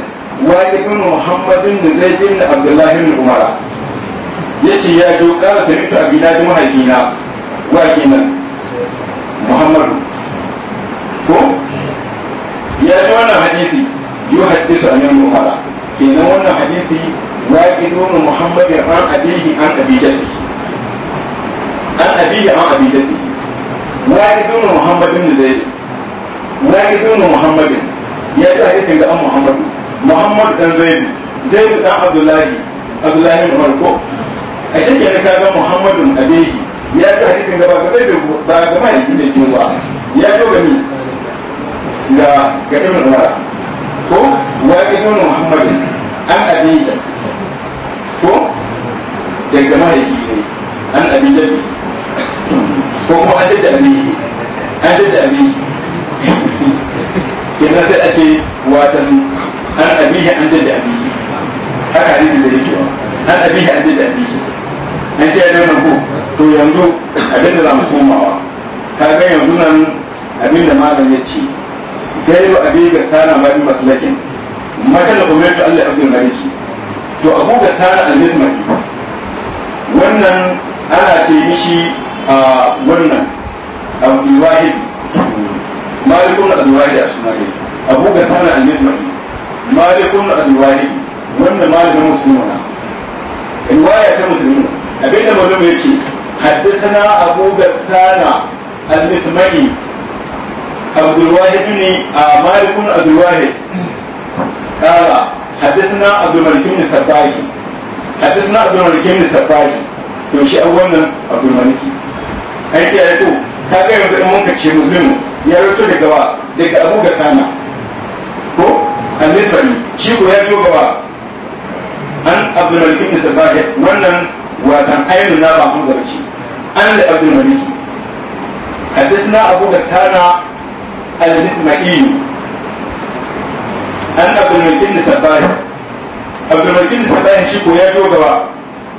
واحد من محمد بن زيد بن عبد الله بن عمر يتي يا جو قال سمعت أبي نادي مهجينا واجينا محمد ko ya ji wannan hadisi yi hadisu a nan muhara kenan wannan hadisi waƙi nuna muhammadin an abihi an abi an abihi an abi waƙi nuna muhammadin da zai waƙi nuna muhammadin ya yi ake sai ga an muhammadu muhammad dan zaidu zaidu dan abdullahi abdullahi umar ko a shekara ka kaga muhammadun abehi ya yi ake sai ga ba ga da ba ga mahaifi da kin ba ya yi ga ni ga ga ibn umar ko wa ibn muhammad an abehi ko daga mahaifi ne an abi jabi ko kuma an jadda abihi an jadda abihi kenan sai a ce watan an abihi an jadda abihi haka hadisi zai yi an abihi an jadda abihi an ce da wannan ko to yanzu abinda za mu komawa ka ga yanzu nan abinda malam ya ce gairu abi ga sana ma bi maslakin matan da umirtu Allah abdul maliki to abu ga sana al-mismaki wannan ana ce mishi a wannan abu iwahidi malikun al-wahid a suna ne abu ga samun al-mizmahi malikun al-wahid wanda malamin musulmi na riwaya ta musulmi abinda malum yake حدثنا أبو غسان المثمري عبد الواحد بن مالك عبد الواحد قال حدثنا عبد الملك بن سباعي حدثنا عبد الملك بن سباعي to shi an wannan abu maliki ai ke aiko ta ga yanzu in mun ka ce muslimu ya rato da gaba daga abu ga sama ko annisbani shi ko ya biyo gaba an abdulmalikin isabbahi wannan watan ainihin na ba hamza ce an da abu abdulmaliki حدثنا أبو غسان الإسماعيلي أن عبد الملك بن سباح عبد الملك shi ko ya يا gaba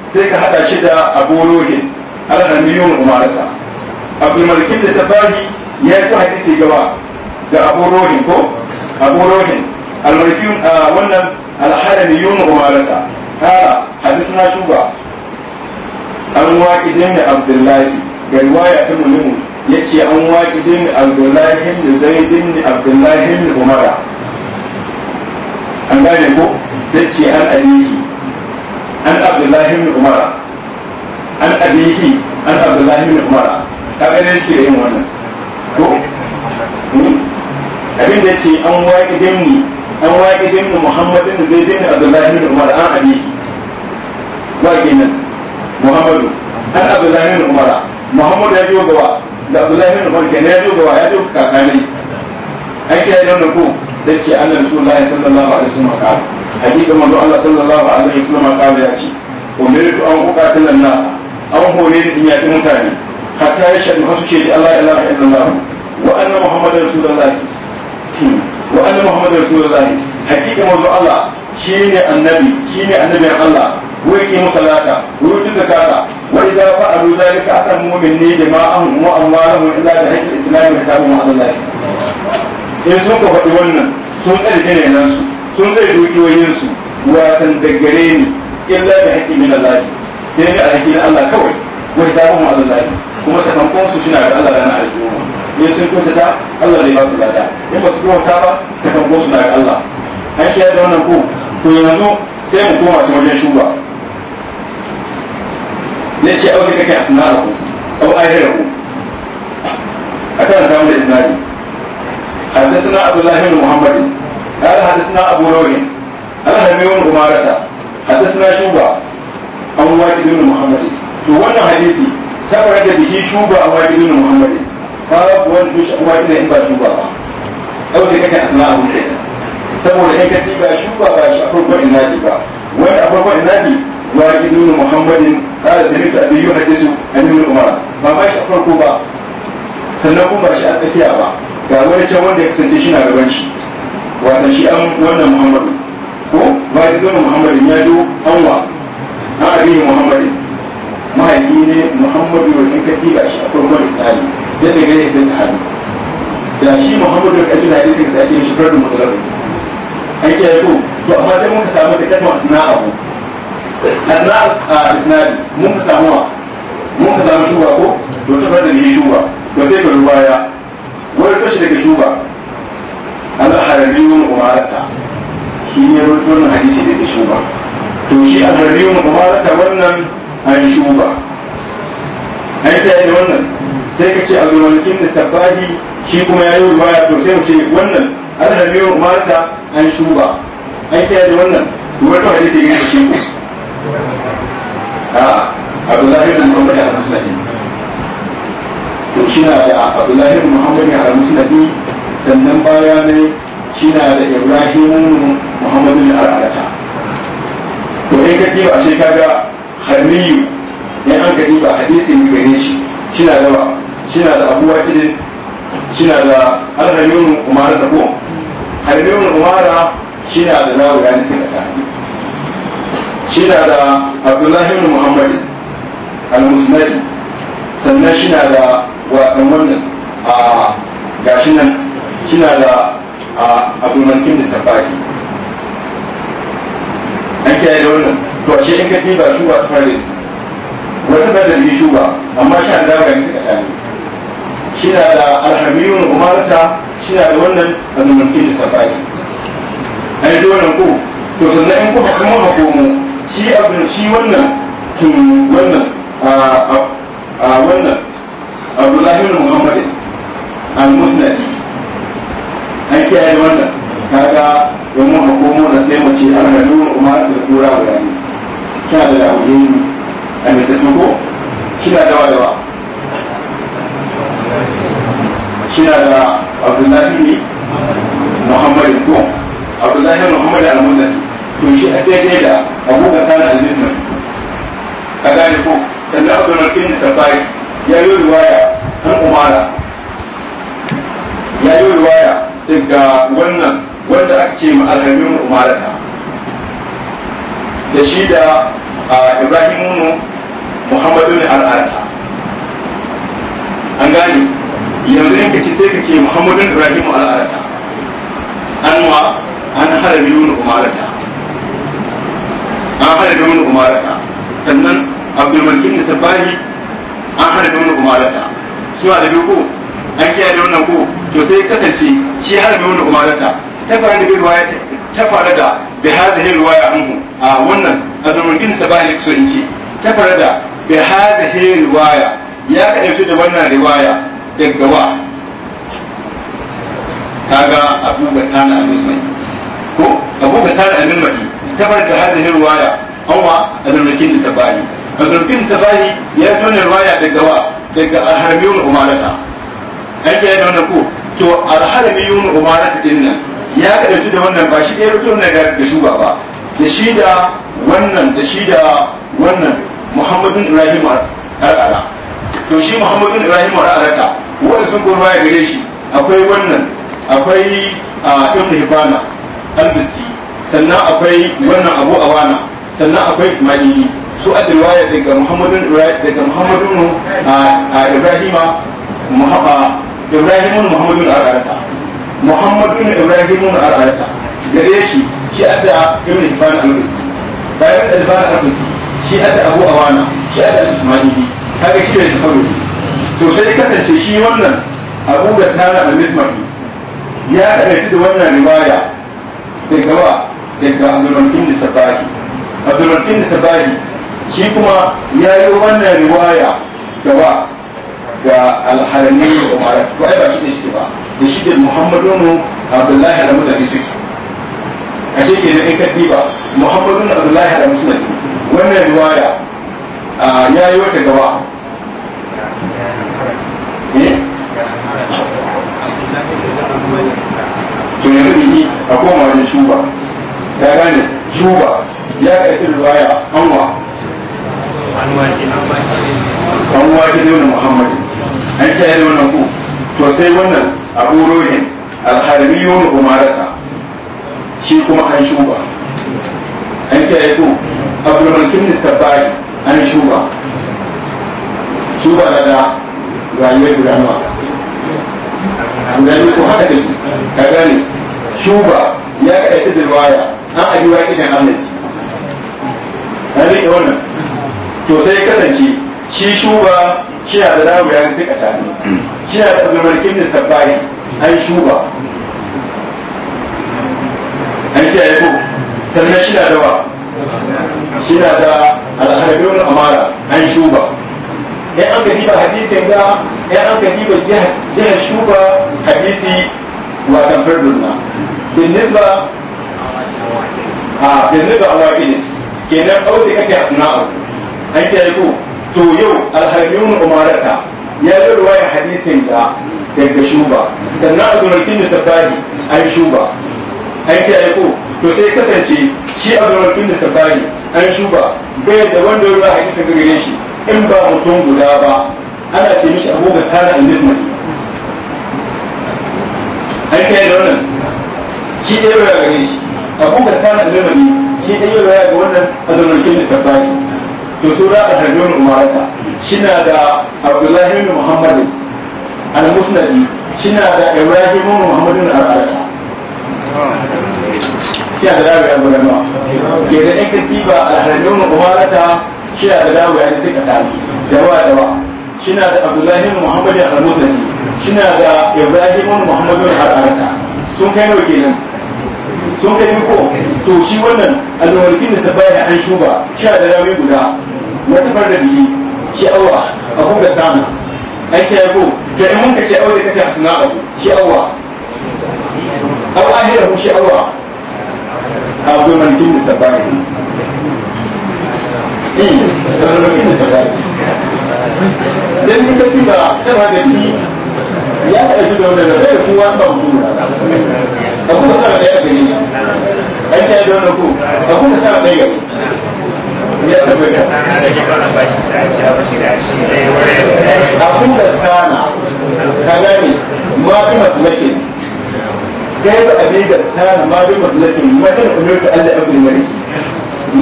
sai ka hada shi da abu rohin ala da miliyon umarata abdulmalikin da sabahi ya yi hadisi gaba ga abu rohin ko abu rohin almarkiyun ah, wannan alharami yunu umarata kara hadisna shuba an waƙi dini abdullahi ga riwaya ta mulimu ya ce an waƙi dini abdullahi da zai dini abdullahi da umara an gane ko sai ce an alihi an abdullahi da umara an abihi an abdullahi da umara ka gane shi da yin wannan ko hmm? abin da ce an waƙi dimni an waƙi dimni muhammadin da zai dimni abdullahi da umar an abi waƙi nan muhammadu an abdullahi da umar muhammadu ya biyo gawa da abdullahi da umar kenan ya biyo gawa ya biyo kakanai an kira da wannan ko sai ce annabi sallallahu alaihi wasallam ka hakika manzo Allah sallallahu alaihi wasallam ka ya ce umirtu an uqatila an-nas an hore ni in yaki mutane hatta ya shaɗu masu ce da Allah ya ilaha illallah wa anna muhammadar rasulullahi wa anna muhammadar rasulullahi hakika mazu Allah shine annabi shine annabin Allah wa yaqimu salata wa yutu zakata wa idza fa'alu dhalika asamu minni jama'ahum wa amwalahum illa bi haqqi islam hisabuhum ala Allah in sun ka faɗi wannan sun tsare dinanan su sun tsare dukiyoyin su watan daggare ni illa bi haqqi min Allah sai ne alhaki na Allah kawai wai sabon wa Allah kuma sakamakon su shina ga Allah ranar alƙiyama in sun kyautata Allah zai ba su lada in ba su kyauta ba sakamakon su ga Allah an kiyaye da wannan ko to yanzu sai mu koma ta wajen shuba ne ce ausi kake asnara ku au ahira ku akan ta mu da isnadi حدثنا عبد الله بن محمد قال حدثنا ابو روح قال حميون عمارة حدثنا شوبة عن واجد بن محمد to wannan hadisi ta da bihi shuba a muhammadin ba za ku wani bishi a wani in ba shuba ba au sai kace asma abu kai saboda in ka ba shuba ba shi akwai ina ne ba wani akwai ko inadi wa ibn muhammad qala ta biyu hadisu a nuna umara ba ma shi akwai ko ba sannan kuma ba shi a tsakiya ba ga wani can wanda ya kusance shi na gaban shi wata shi an wannan muhammadu ko ba ya muhammadin ya zo anwa an abin muhammadin. mahaifi ne muhammadu in ka ga shi akwai wani tsari dan da gare sai sahabi da shi muhammadu da kaji da hadisi sai ce shi fardu mutalabi an ke ko to amma sai mun samu sai kafa sana'ahu asna'u a ah, isnadi mun samu wa mun samu shuba ko to ta farda ne shuba to sai ka ya wani kashi daga shuba al-harabiyun umarata shi ne rutun hadisi daga shuba to shi al-harabiyun umarata wannan an shuba an ta yi wannan sai ka ce abu malikin da sabahi shi kuma ya yi ruwaya to sai mu ce wannan an rabi wa marta an shuba an ta yi wannan to wani kawai sai ya shi ku a abdullahi bin muhammad al-muslimi to shi na da abdullahi bin muhammad al-muslimi sannan baya ne shi na da ibrahim muhammad al-arata to in ka kiwa sai ka ga hamiyu ya an gani ba hadisi ne gane shi shina da shina da abuwa kidin shina da alhamiyun umara da ko alhamiyun umara shina da nawo ya nisa ka shina da abdullahi bin muhammad al-musnadi sannan shina da wakan wannan a gashi nan shina da abdullahi bin safari an kiyaye da wannan to a in ka diba shuba ta fare wata da bi shuba amma shi da ga suka tani shi na da alhamiyun umarta shi na da wannan annumulki da sabai an ji wannan ko to sannan in kuma kuma ma komo shi abin shi wannan tun wannan a wannan abdullahi ibn muhammad al-musnad an kiyaye wannan kaga domin mu na da sai mu ce alhamiyun umarta da kura bayani kina da yahudu a mai ko kina da wayewa kina da abdullahi ne muhammadu ko abdullahi muhammadu al-mudani to shi a daidai da abu ga sana al-bisman a gane ko sannan abu na kini safari ya yi riwaya an umara ya yi riwaya daga wannan wanda ake ma alhamin umarata da shi da ibrahim munu muhammadu ne al'arta an gane yanzu yanka ce sai ka ce muhammadu ibrahim al'arta an ma an hada biyu na umarata an hada biyu na umarata sannan abdulmalkin da sabari an hada biyu na umarata su da biyu ko an kiyaye da wannan ko to sai kasance shi hada biyu na umarata ta fara da bai ta fara da bi hadhihi riwaya anhu a ah, wannan in ce ta farada bi hadhihi riwaya ya da wannan riwaya daga wa kaga abu basana al ko abu basana al ta farada hadhihi riwaya amma ya tona riwaya daga wa daga al-harbiyun umarata ya karatu da wannan ba shi ɗaya na da shuba ba da shi da wannan da shi da wannan muhammadun ibrahim al'ala to shi muhammadun ibrahim ta wani sun gurba ya gare shi akwai wannan akwai a ibn hibana albisti sannan akwai wannan abu awana sannan akwai ismaili su adilwaya daga daga muhammadun ibrahima ibrahimun muhammadun al'alaka muhammadu ibn ibrahim ibn arayata gare shi shi ada ibn ibn al-qisi bayan ibn al-qisi shi ada abu awana shi ada ismaili kaga shi ne tafarru to sai kasance shi wannan abu da sana al-mismaki ya karanta da wannan riwaya daga wa daga abdulmakin da sabahi abdulmakin da sabahi shi kuma ya yi wannan riwaya gaba ga alharni da umarai to ai ba shi ne shi ba da shi muhammadu mu abdullahi al-mutaki suke a shi ke in ka diba muhammadun abdullahi al mutane wannan ruwaya ya yi wata gaba eh? to yanzu biki a koma wajen shuba ta gane shuba ya karfi riwaya anwa an wake ne wani muhammadu an kyaye wannan ku to sai wannan abu rohin alharmi yoni umarata shi kuma an shuba an kiyaye ko abdulmalkin nistabari an shuba shuba daga rayuwar gudanarwa gudanar ko haka take ka gane shuba ya kaɗaita da waya, an abi wa idan amnesty an rike wannan to sai kasance shi shuba kina da namu ya sai ka tani kina da abdulmalikin da sabbari an shuba an kiyaye ko sannan shi da wa shi na da alharbiyar amara an shuba yan an kadiba hadisin ga yan an kadiba jihar shuba hadisi wa tamfar dunna bin nisba a bin nisba alaƙi ne kenan kawai sai kake a sana'ar an kiyaye ko to yau alharbiyun umarata ya yi ruwaya hadisin da daga shuba sannan a zunarkin misafari an shuba an kiyaye ko to sai kasance shi a zunarkin misafari an shuba bai da wanda ruwa hadisin gare shi in ba mutum guda ba ana ce mishi abu basara al-nismani an kai da wannan shi ɗaya ruwa gare shi abu basara al-nismani shi ɗaya ruwa ga wannan a zunarkin misafari to sura a dandon umarata shina da abdullahi bin muhammadu al-musnadi shina da ibrahim bin muhammadu al-arata shi da dawo ya gudu ke da yan katiba al-dandon umarata shi da dawo ya sai kata dawa dawa shina da abdullahi bin muhammadu al-musnadi shina da ibrahim bin muhammadu al-arata sun kai nawa kenan sun kai ko to shi wannan alwarkin da sabaya an shuba shi da rawi guda wata farda biyu shi awa abu da sana aiki ya ko da in munka ce awa da kace asna abu shi awa aw ahirahu shi awa a abdul malikin da sabari eh abdul malikin da sabari dan ni kafi ba ta da bi ya da shi da wannan da kowa ba mutum abu da sana da ya gani aiki ya da wannan ko abu da sana da ya gani abin da sana ka gane ma bi maslakin kai ba abin da sana ma bi maslakin matan umirtu Allah abdul maliki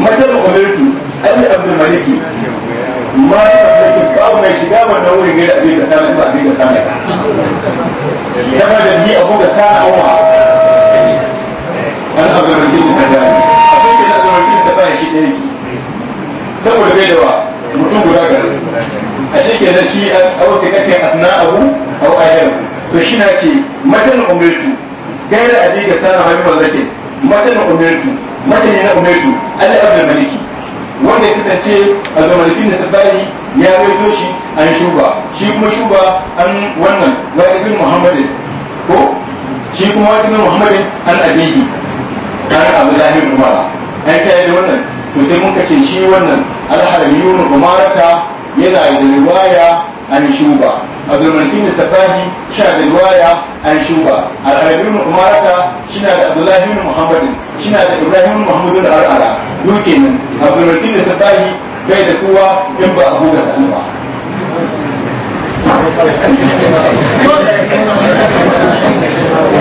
matan umirtu Allah abdul maliki ma bi maslakin babu mai shiga wanda wurin ne da abin da sana ba abin da sana ta ma da ni abu da sana umma an abdul maliki sadani a sai da abdul maliki sadani shi ɗaya saboda bai da wa mutum guda gari a shi ke shi a wasu kakken asna abu a wa'ayar to shi na ce matan umirtu gaira abi ga sana hannun mallake matan umirtu matan na umirtu ala abdul maliki wanda ya kasance abdul maliki ne sabari ya waito shi an shuba shi kuma shuba an wannan wa'idin muhammadin ko shi kuma wa'idin muhammadin an abihi an abu zahir umara an kaya da wannan to sai mun kace shi wannan alharmiyun Umaraka. yana da riwaya an shuba abdulmalikin safahi shi da riwaya an shuba alharmiyun umarata shi na da abdullahi ibn muhammad shi na da ibrahim muhammad al-arala duke nan abdulmalikin safahi bai da kowa in ba abu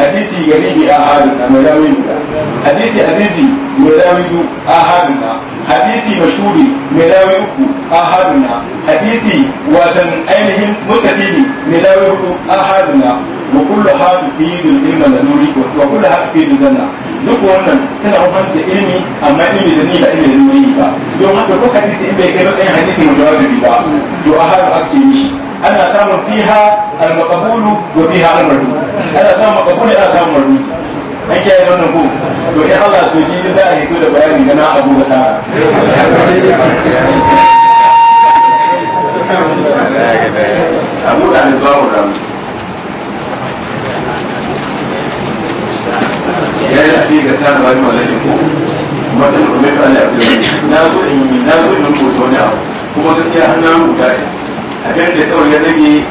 hadisi garibi a hadina mai rawi guda hadisi hadisi mai rawi biyu a hadina hadisi mashuri mai rawi uku a na hadisi watan ainihin musadini mai rawi hudu a na wa kullu hadu fi yidul ilma nuri wa kullu hadu fi yidul zanna duk wannan tana hukunta da ilimi amma ilmi da ni ba ilimi da nuri ba don haka duk hadisi in bai kai matsayin hadisi mutawatiri ba to a hadu ake mishi ana samun fiha al-maqbulu wa fiha al-mardu ana samun maqbulu ana samun mardu an kiyaye wannan ko to in Allah so ji za a hito da bayani na Abu Musa Abu Talib bawo da ya yi afi ga sanar wani wani ko kuma da rubutu ala abu na zo in na zo in rubuta wani abu kuma gaskiya har na rubuta abin da kawai ya rage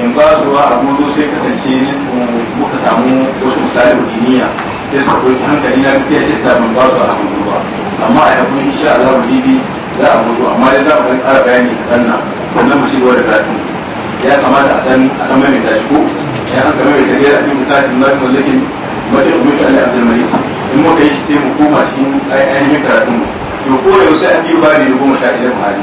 in ba su wa abu zo sai kasance um, muka samu wasu misali duniya sai suka ɗauki hankali na gaskiya shi ban ba su a abu ba amma a yanzu insha Allah bibi za a mutu amma dai za mu ɗan ƙara bayani kaɗan na nan mu ci gaba da karatun ya kamata a ɗan a ɗan maimaita shi ko ya an kamar mai tafiyar abin misali na mallakin mace umar shi Allah Abdul Malik in muka yi sai mu koma cikin ainihin karatun mu to ko yau sai an biyu bari da goma sha ɗaya mu hali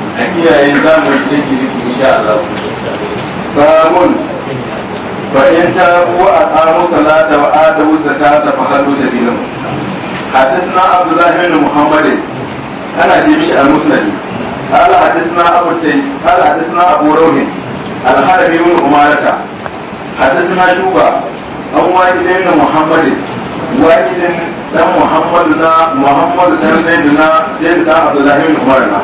iyaye za mu yi jirgin insha Allah. Babun ba in ta ruwa a kamo salata wa ada ta ta fa da bilan. Hadisi na Abu Muhammad ana ji shi a Musnadi. Ala ala hadisi na Abu Rauhin, alharabi wani umarata. na Shuba, san wa'idin na Muhammad, wa'idin dan Muhammad na Muhammad dan Zaidu na Zaidu dan Abu Zahir da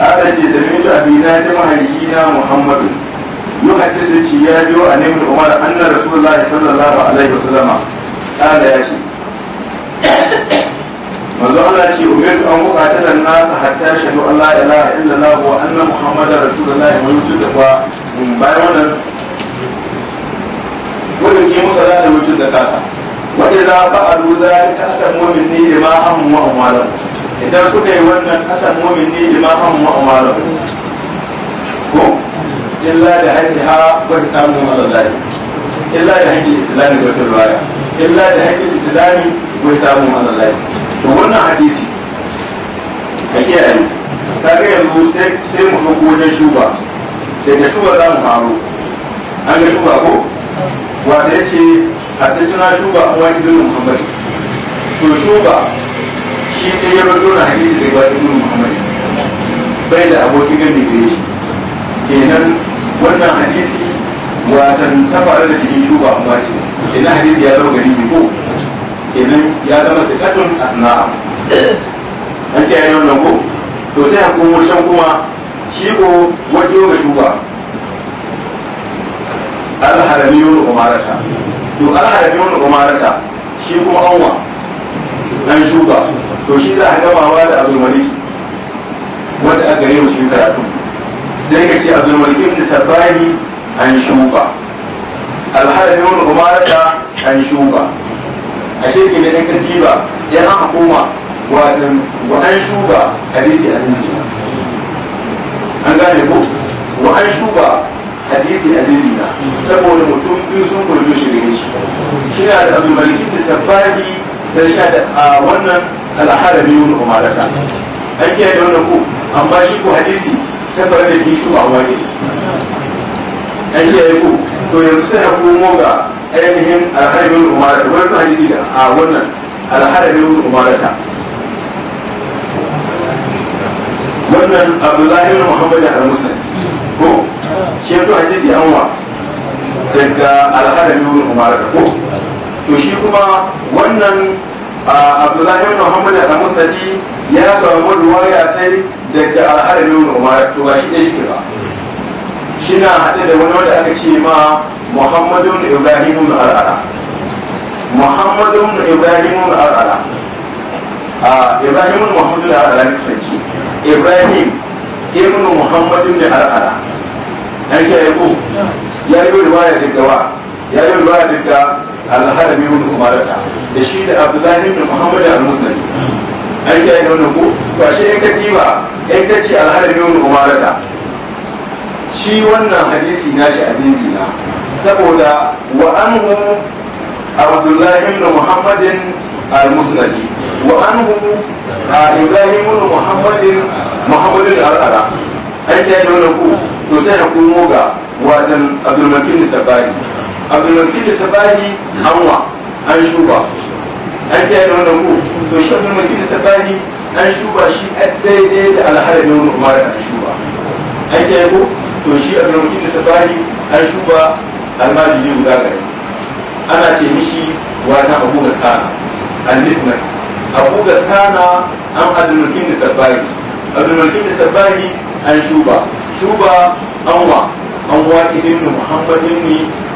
قال لي سمعت أبينا لمهرينا محمد يحدث تياجو عن ابن عمر أن رسول الله صلى الله عليه وسلم قال يا شيخ manzo Allah ce umirtu an buƙata da nasa hatta allah ya la ilaha illallah wa anna da rasulullahi ya yutu da ba mun bayan wannan wurin ke musa da wutu zakata ta idza ba'alu zalika asamu minni bima'ahum wa amwalahum idan suka yi wannan kasar momin ne imaman ma'amara ko illa da haƙi ha samu samun malalari illa da haƙi islami wata ruwaya illa da haƙi islami samu samun malalari to wannan hadisi ka kiyaye ta ga yanzu sai mu shigo wajen shuba daga shuba za mu faru an ga shuba ko wata ya ce hadisina shuba a wani bin muhammad to shuba shi da ya rato na hadisi da ba ibn muhammad bai da abokin gani gare shi kenan wannan hadisi watan ta faru da jikin shuba amma shi kenan hadisi ya zama gari ko kenan ya zama sikatun asna'a an kiyaye wannan ko to sai a kuma shan kuma shi ko waje ga shuba alharami wani umarata to alharami wani umarata shi kuma anwa dan shuka to shi za a gama gamawa da abdulmalik wanda aka yi shi karatu sai ka ce abdulmalik ibn sabahi an shuba alhalin wani umarata an shuka a shirki da ɗan kirki ba yan aka koma watan wa'an shuka hadisi a zizi an gane ko wa'an shuba hadisi a zizi na saboda mutum biyu sun kurjo shi da shi kina da abdulmalik ibn sabahi sai shi da a wannan alharami wani an kiyaye da wannan ku amma shi ku hadisi ta fara da bishi ba wani an kiyaye ku to yanzu sai ku ainihin wani umarata wani hadisi da a wannan wannan abdullahi bin muhammad al-muslim ko shi hadisi anwa daga alharami wani da ko to shi kuma wannan abdullahi ibn muhammad al mustaji ya samu ruwaya ta daga al-harbi ibn umar to ba shi ne shi ba shi na hada da wani wanda aka ce ma muhammadun ibrahim ibn al-ara muhammadun ibrahim ibn al-ara a ibrahim ibn muhammadu al-ara ne fanci ibrahim ibn muhammad ibn al-ara dan ke ya yi ruwaya daga wa ya yi ruwaya daga al-harami ibn umarata da shi da abdullahi ibn muhammad al-muslimi an ga yana wannan ko to ashe in ka diba in ka ce al-harami umarata shi wannan hadisi nashi azizi na saboda wa anhu abdullahi ibn muhammad al-muslimi wa anhu ibrahim ibn muhammad muhammad al-arara an ga yana wannan ko to sai ya komo ga watan abdulmakin sabari abin yankin da sabani hawa an shuba an ta yi wannan ku to shi abin yankin da sabani an shuba shi a daidai da alhari da wani umar an shuba an ta yi ko to shi abin yankin da sabani an shuba almajin yi guda gari ana ce mishi wata abu ga al-lisna abu gasana an abdulmakin da sabani abdulmakin da sabani an shuba shuba anwa an waƙi dimni muhammadin ne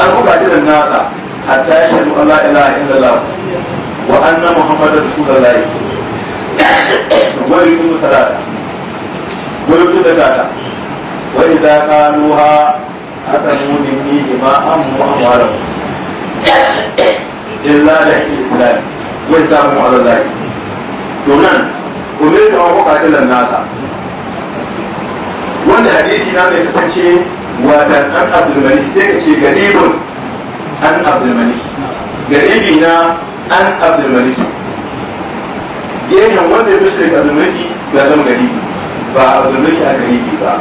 an buga idan nasa hatta ya shaɗu Allah ilaha illallah wa anna muhammadar rasulullah wani yi musalata wani yi zakata wa idza qaluha asamu minni jima'an wa amwalan illa da islam wa isamu ala zaki to nan umir da wa buga idan nasa wannan hadisi na mai kasance watan an abdulmalik sai ka ce garibun an abdulmalik garibi na an abdulmalik gehen wanda ya fi daga abdulmalik ya zama garibi ba abdulmalik a garibi ba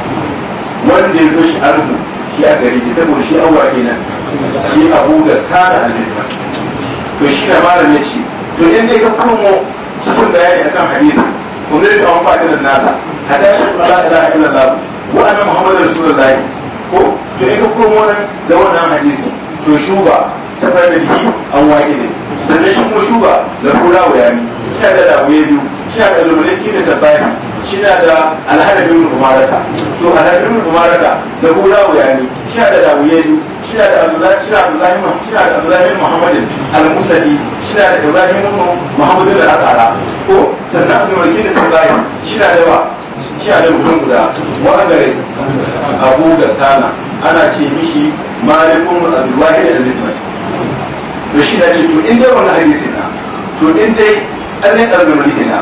wanda ya fi arhu shi a garibi saboda shi awwa kenan shi abu da tsara al-isma to shi na malam ya ce to in dai ka kuma cikin bayani akan hadisi ne da an faɗi fa'idar nasa hada shi ba la ilaha illallah wa anna muhammadar rasulullahi ko to in ko wannan da wannan hadisi to shuba ta fara bihi an waƙi ne sannan shi kuma shuba da kura wa yami kina da labuye biyu kina da kina da sabani kina da alhadabin rumaraka to alhadabin rumaraka da kura wa yami kina da labuye biyu kina da Abdullahi kina da Abdullahi kina da Abdullahi muhammad al-Musadi kina da Ibrahim muhammad al-Azara ko sannan Abdul kina da sabani kina da wa shi a nan mutum guda wa'adare abu da tana ana ce mishi malikun abdullahi da nismai to shi na ce to in dai wani hadisi na to in dai an yi tsarga maliki na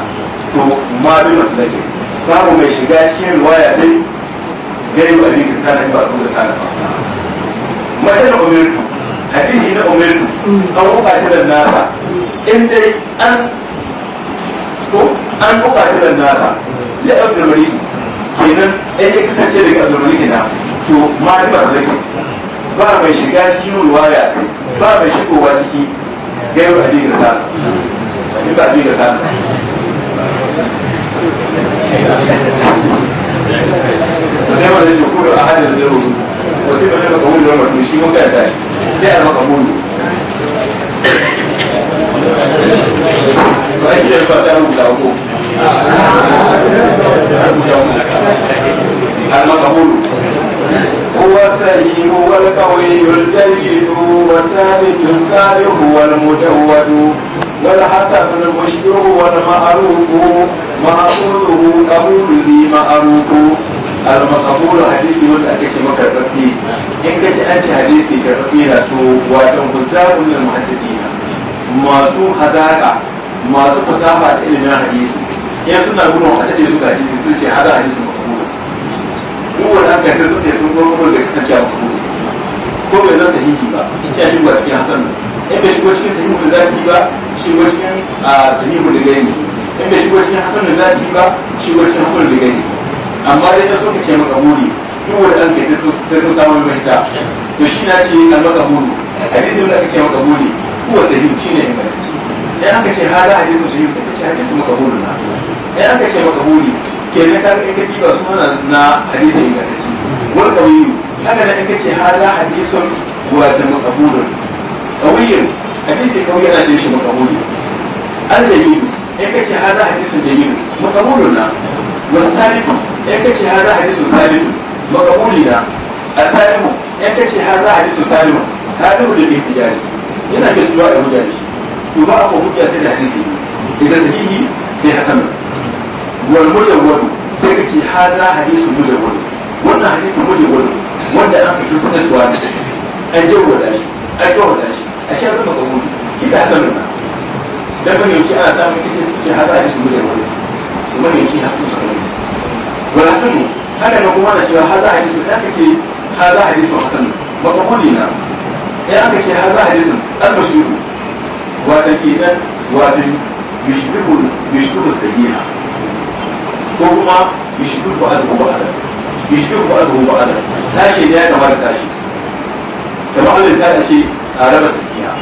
to malu masu dake babu mai shiga cikin ruwaya dai gari ba ne kisa na ba kuma sana ba mata na umirtu hadisi na umirtu an buƙatar nasa in dai an ko an buƙatar nasa da abdulmari kenan ɗan ya kasance daga abdulmari na to ma ta ba mulki ba mai shiga cikin ruwaya ba mai shigowa ciki in ba sai wanda a hadin da rubu wasu ba ne da mutum shi mun sai a maka ba ki da ba ta rubuta ko المقبول هو السليم والقوي الجليل والثابت الصالح والمجود والحسن المشكر والمعروف معقوله قبول ذي معروف المقبول حديث يقول أكيد مكررتي إن كنت أنت حديثي كررتيها تو واتم فزار من المحدثين masu hazaka masu fasaha ta ilimin hadisi ya suna gudun a taɗe su ga hadisi sun ce hada hadisin makabulu duk wanda aka yi sun ce sun gwamnati da kasance a makabulu ko bai zan sahihi ba ya shigo cikin hasan in bai shigo cikin sahihu da zafi ba shigo cikin sahihu da gani in bai shigo cikin hasan da zafi ba shigo cikin hasan da gani amma dai sai suka ce makabuli duk wanda an kai sai sun samu mai mahita to shi na ce al-makabulu hadisin da aka ce makabuli kuwa sahihu ne ingantacce dan aka ce hada hadisu sai sai ka ce hadisu makabulu na dan aka ce makabuli kenan ka in ka ba su na na hadisi ingantacce wal qawiyu haka da aka ce hada hadisun wa ta makabulu qawiyu hadisi kawai yana ce shi makabuli al jayyid in ka ce hada hadisun jayyid makabulu na wasalimu in ka ce hada hadisun salimu makabuli na asalimu in ka ce hada hadisun salimu salimu da ihtijari yana da zuwa da hujjaji to ba abu hujja sai da hadisi idan sahihi sai hasan wal mujawwad sai kace haza hadisul mujawwad wannan hadisul mujawwad wanda an ka kirkiro da suwa an jawwada shi an jawwada shi a shi zama ki da hasan na dan ban yanci ana samun su kace haza hadisul mujawwad kuma yanci hasan sai wa hasan haka ne kuma na cewa haza hadisul da kace haza hadisul hasan ba kabuli na ya eh, aka ce haza hadisul al-mashhur wata kenan wata yushbihu yushbihu sahiha ko kuma yushbihu ba'dahu ba'dan yushbihu ba'dahu ba'dan sashi ne ya kama da sashi kamar Allah ya ce araba sahiha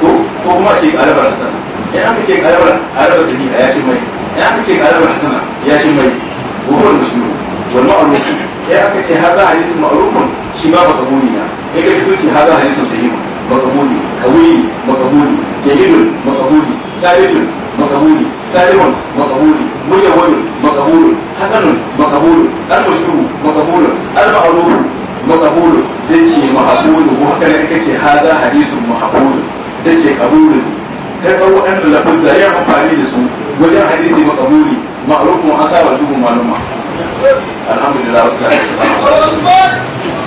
ko ko kuma ce araba hasana ya aka ce araba araba sahiha ya ce mai ya aka ce araba sana' ya ce mai wurin mushbihu wal ma'ruf ya aka ce hadha hadithun ma'rufun shi ma baka muni na ya ga su ce hadha hadithun sahihun makabuli kawili makabuli jahilun makabuli sabidun makabuli salimun makabuli mujawwadun makabulun hasanun makabulun al-mushriku makabulun al-ma'ruf makabulun sai ce makabulu ko haka ne kace hada hadisun makabulu sai ce kabulu sai ba waɗanda lafuzza ya amfani da su wajen hadisi makabuli ma'ruf mu'asa wa dubu maluma alhamdulillah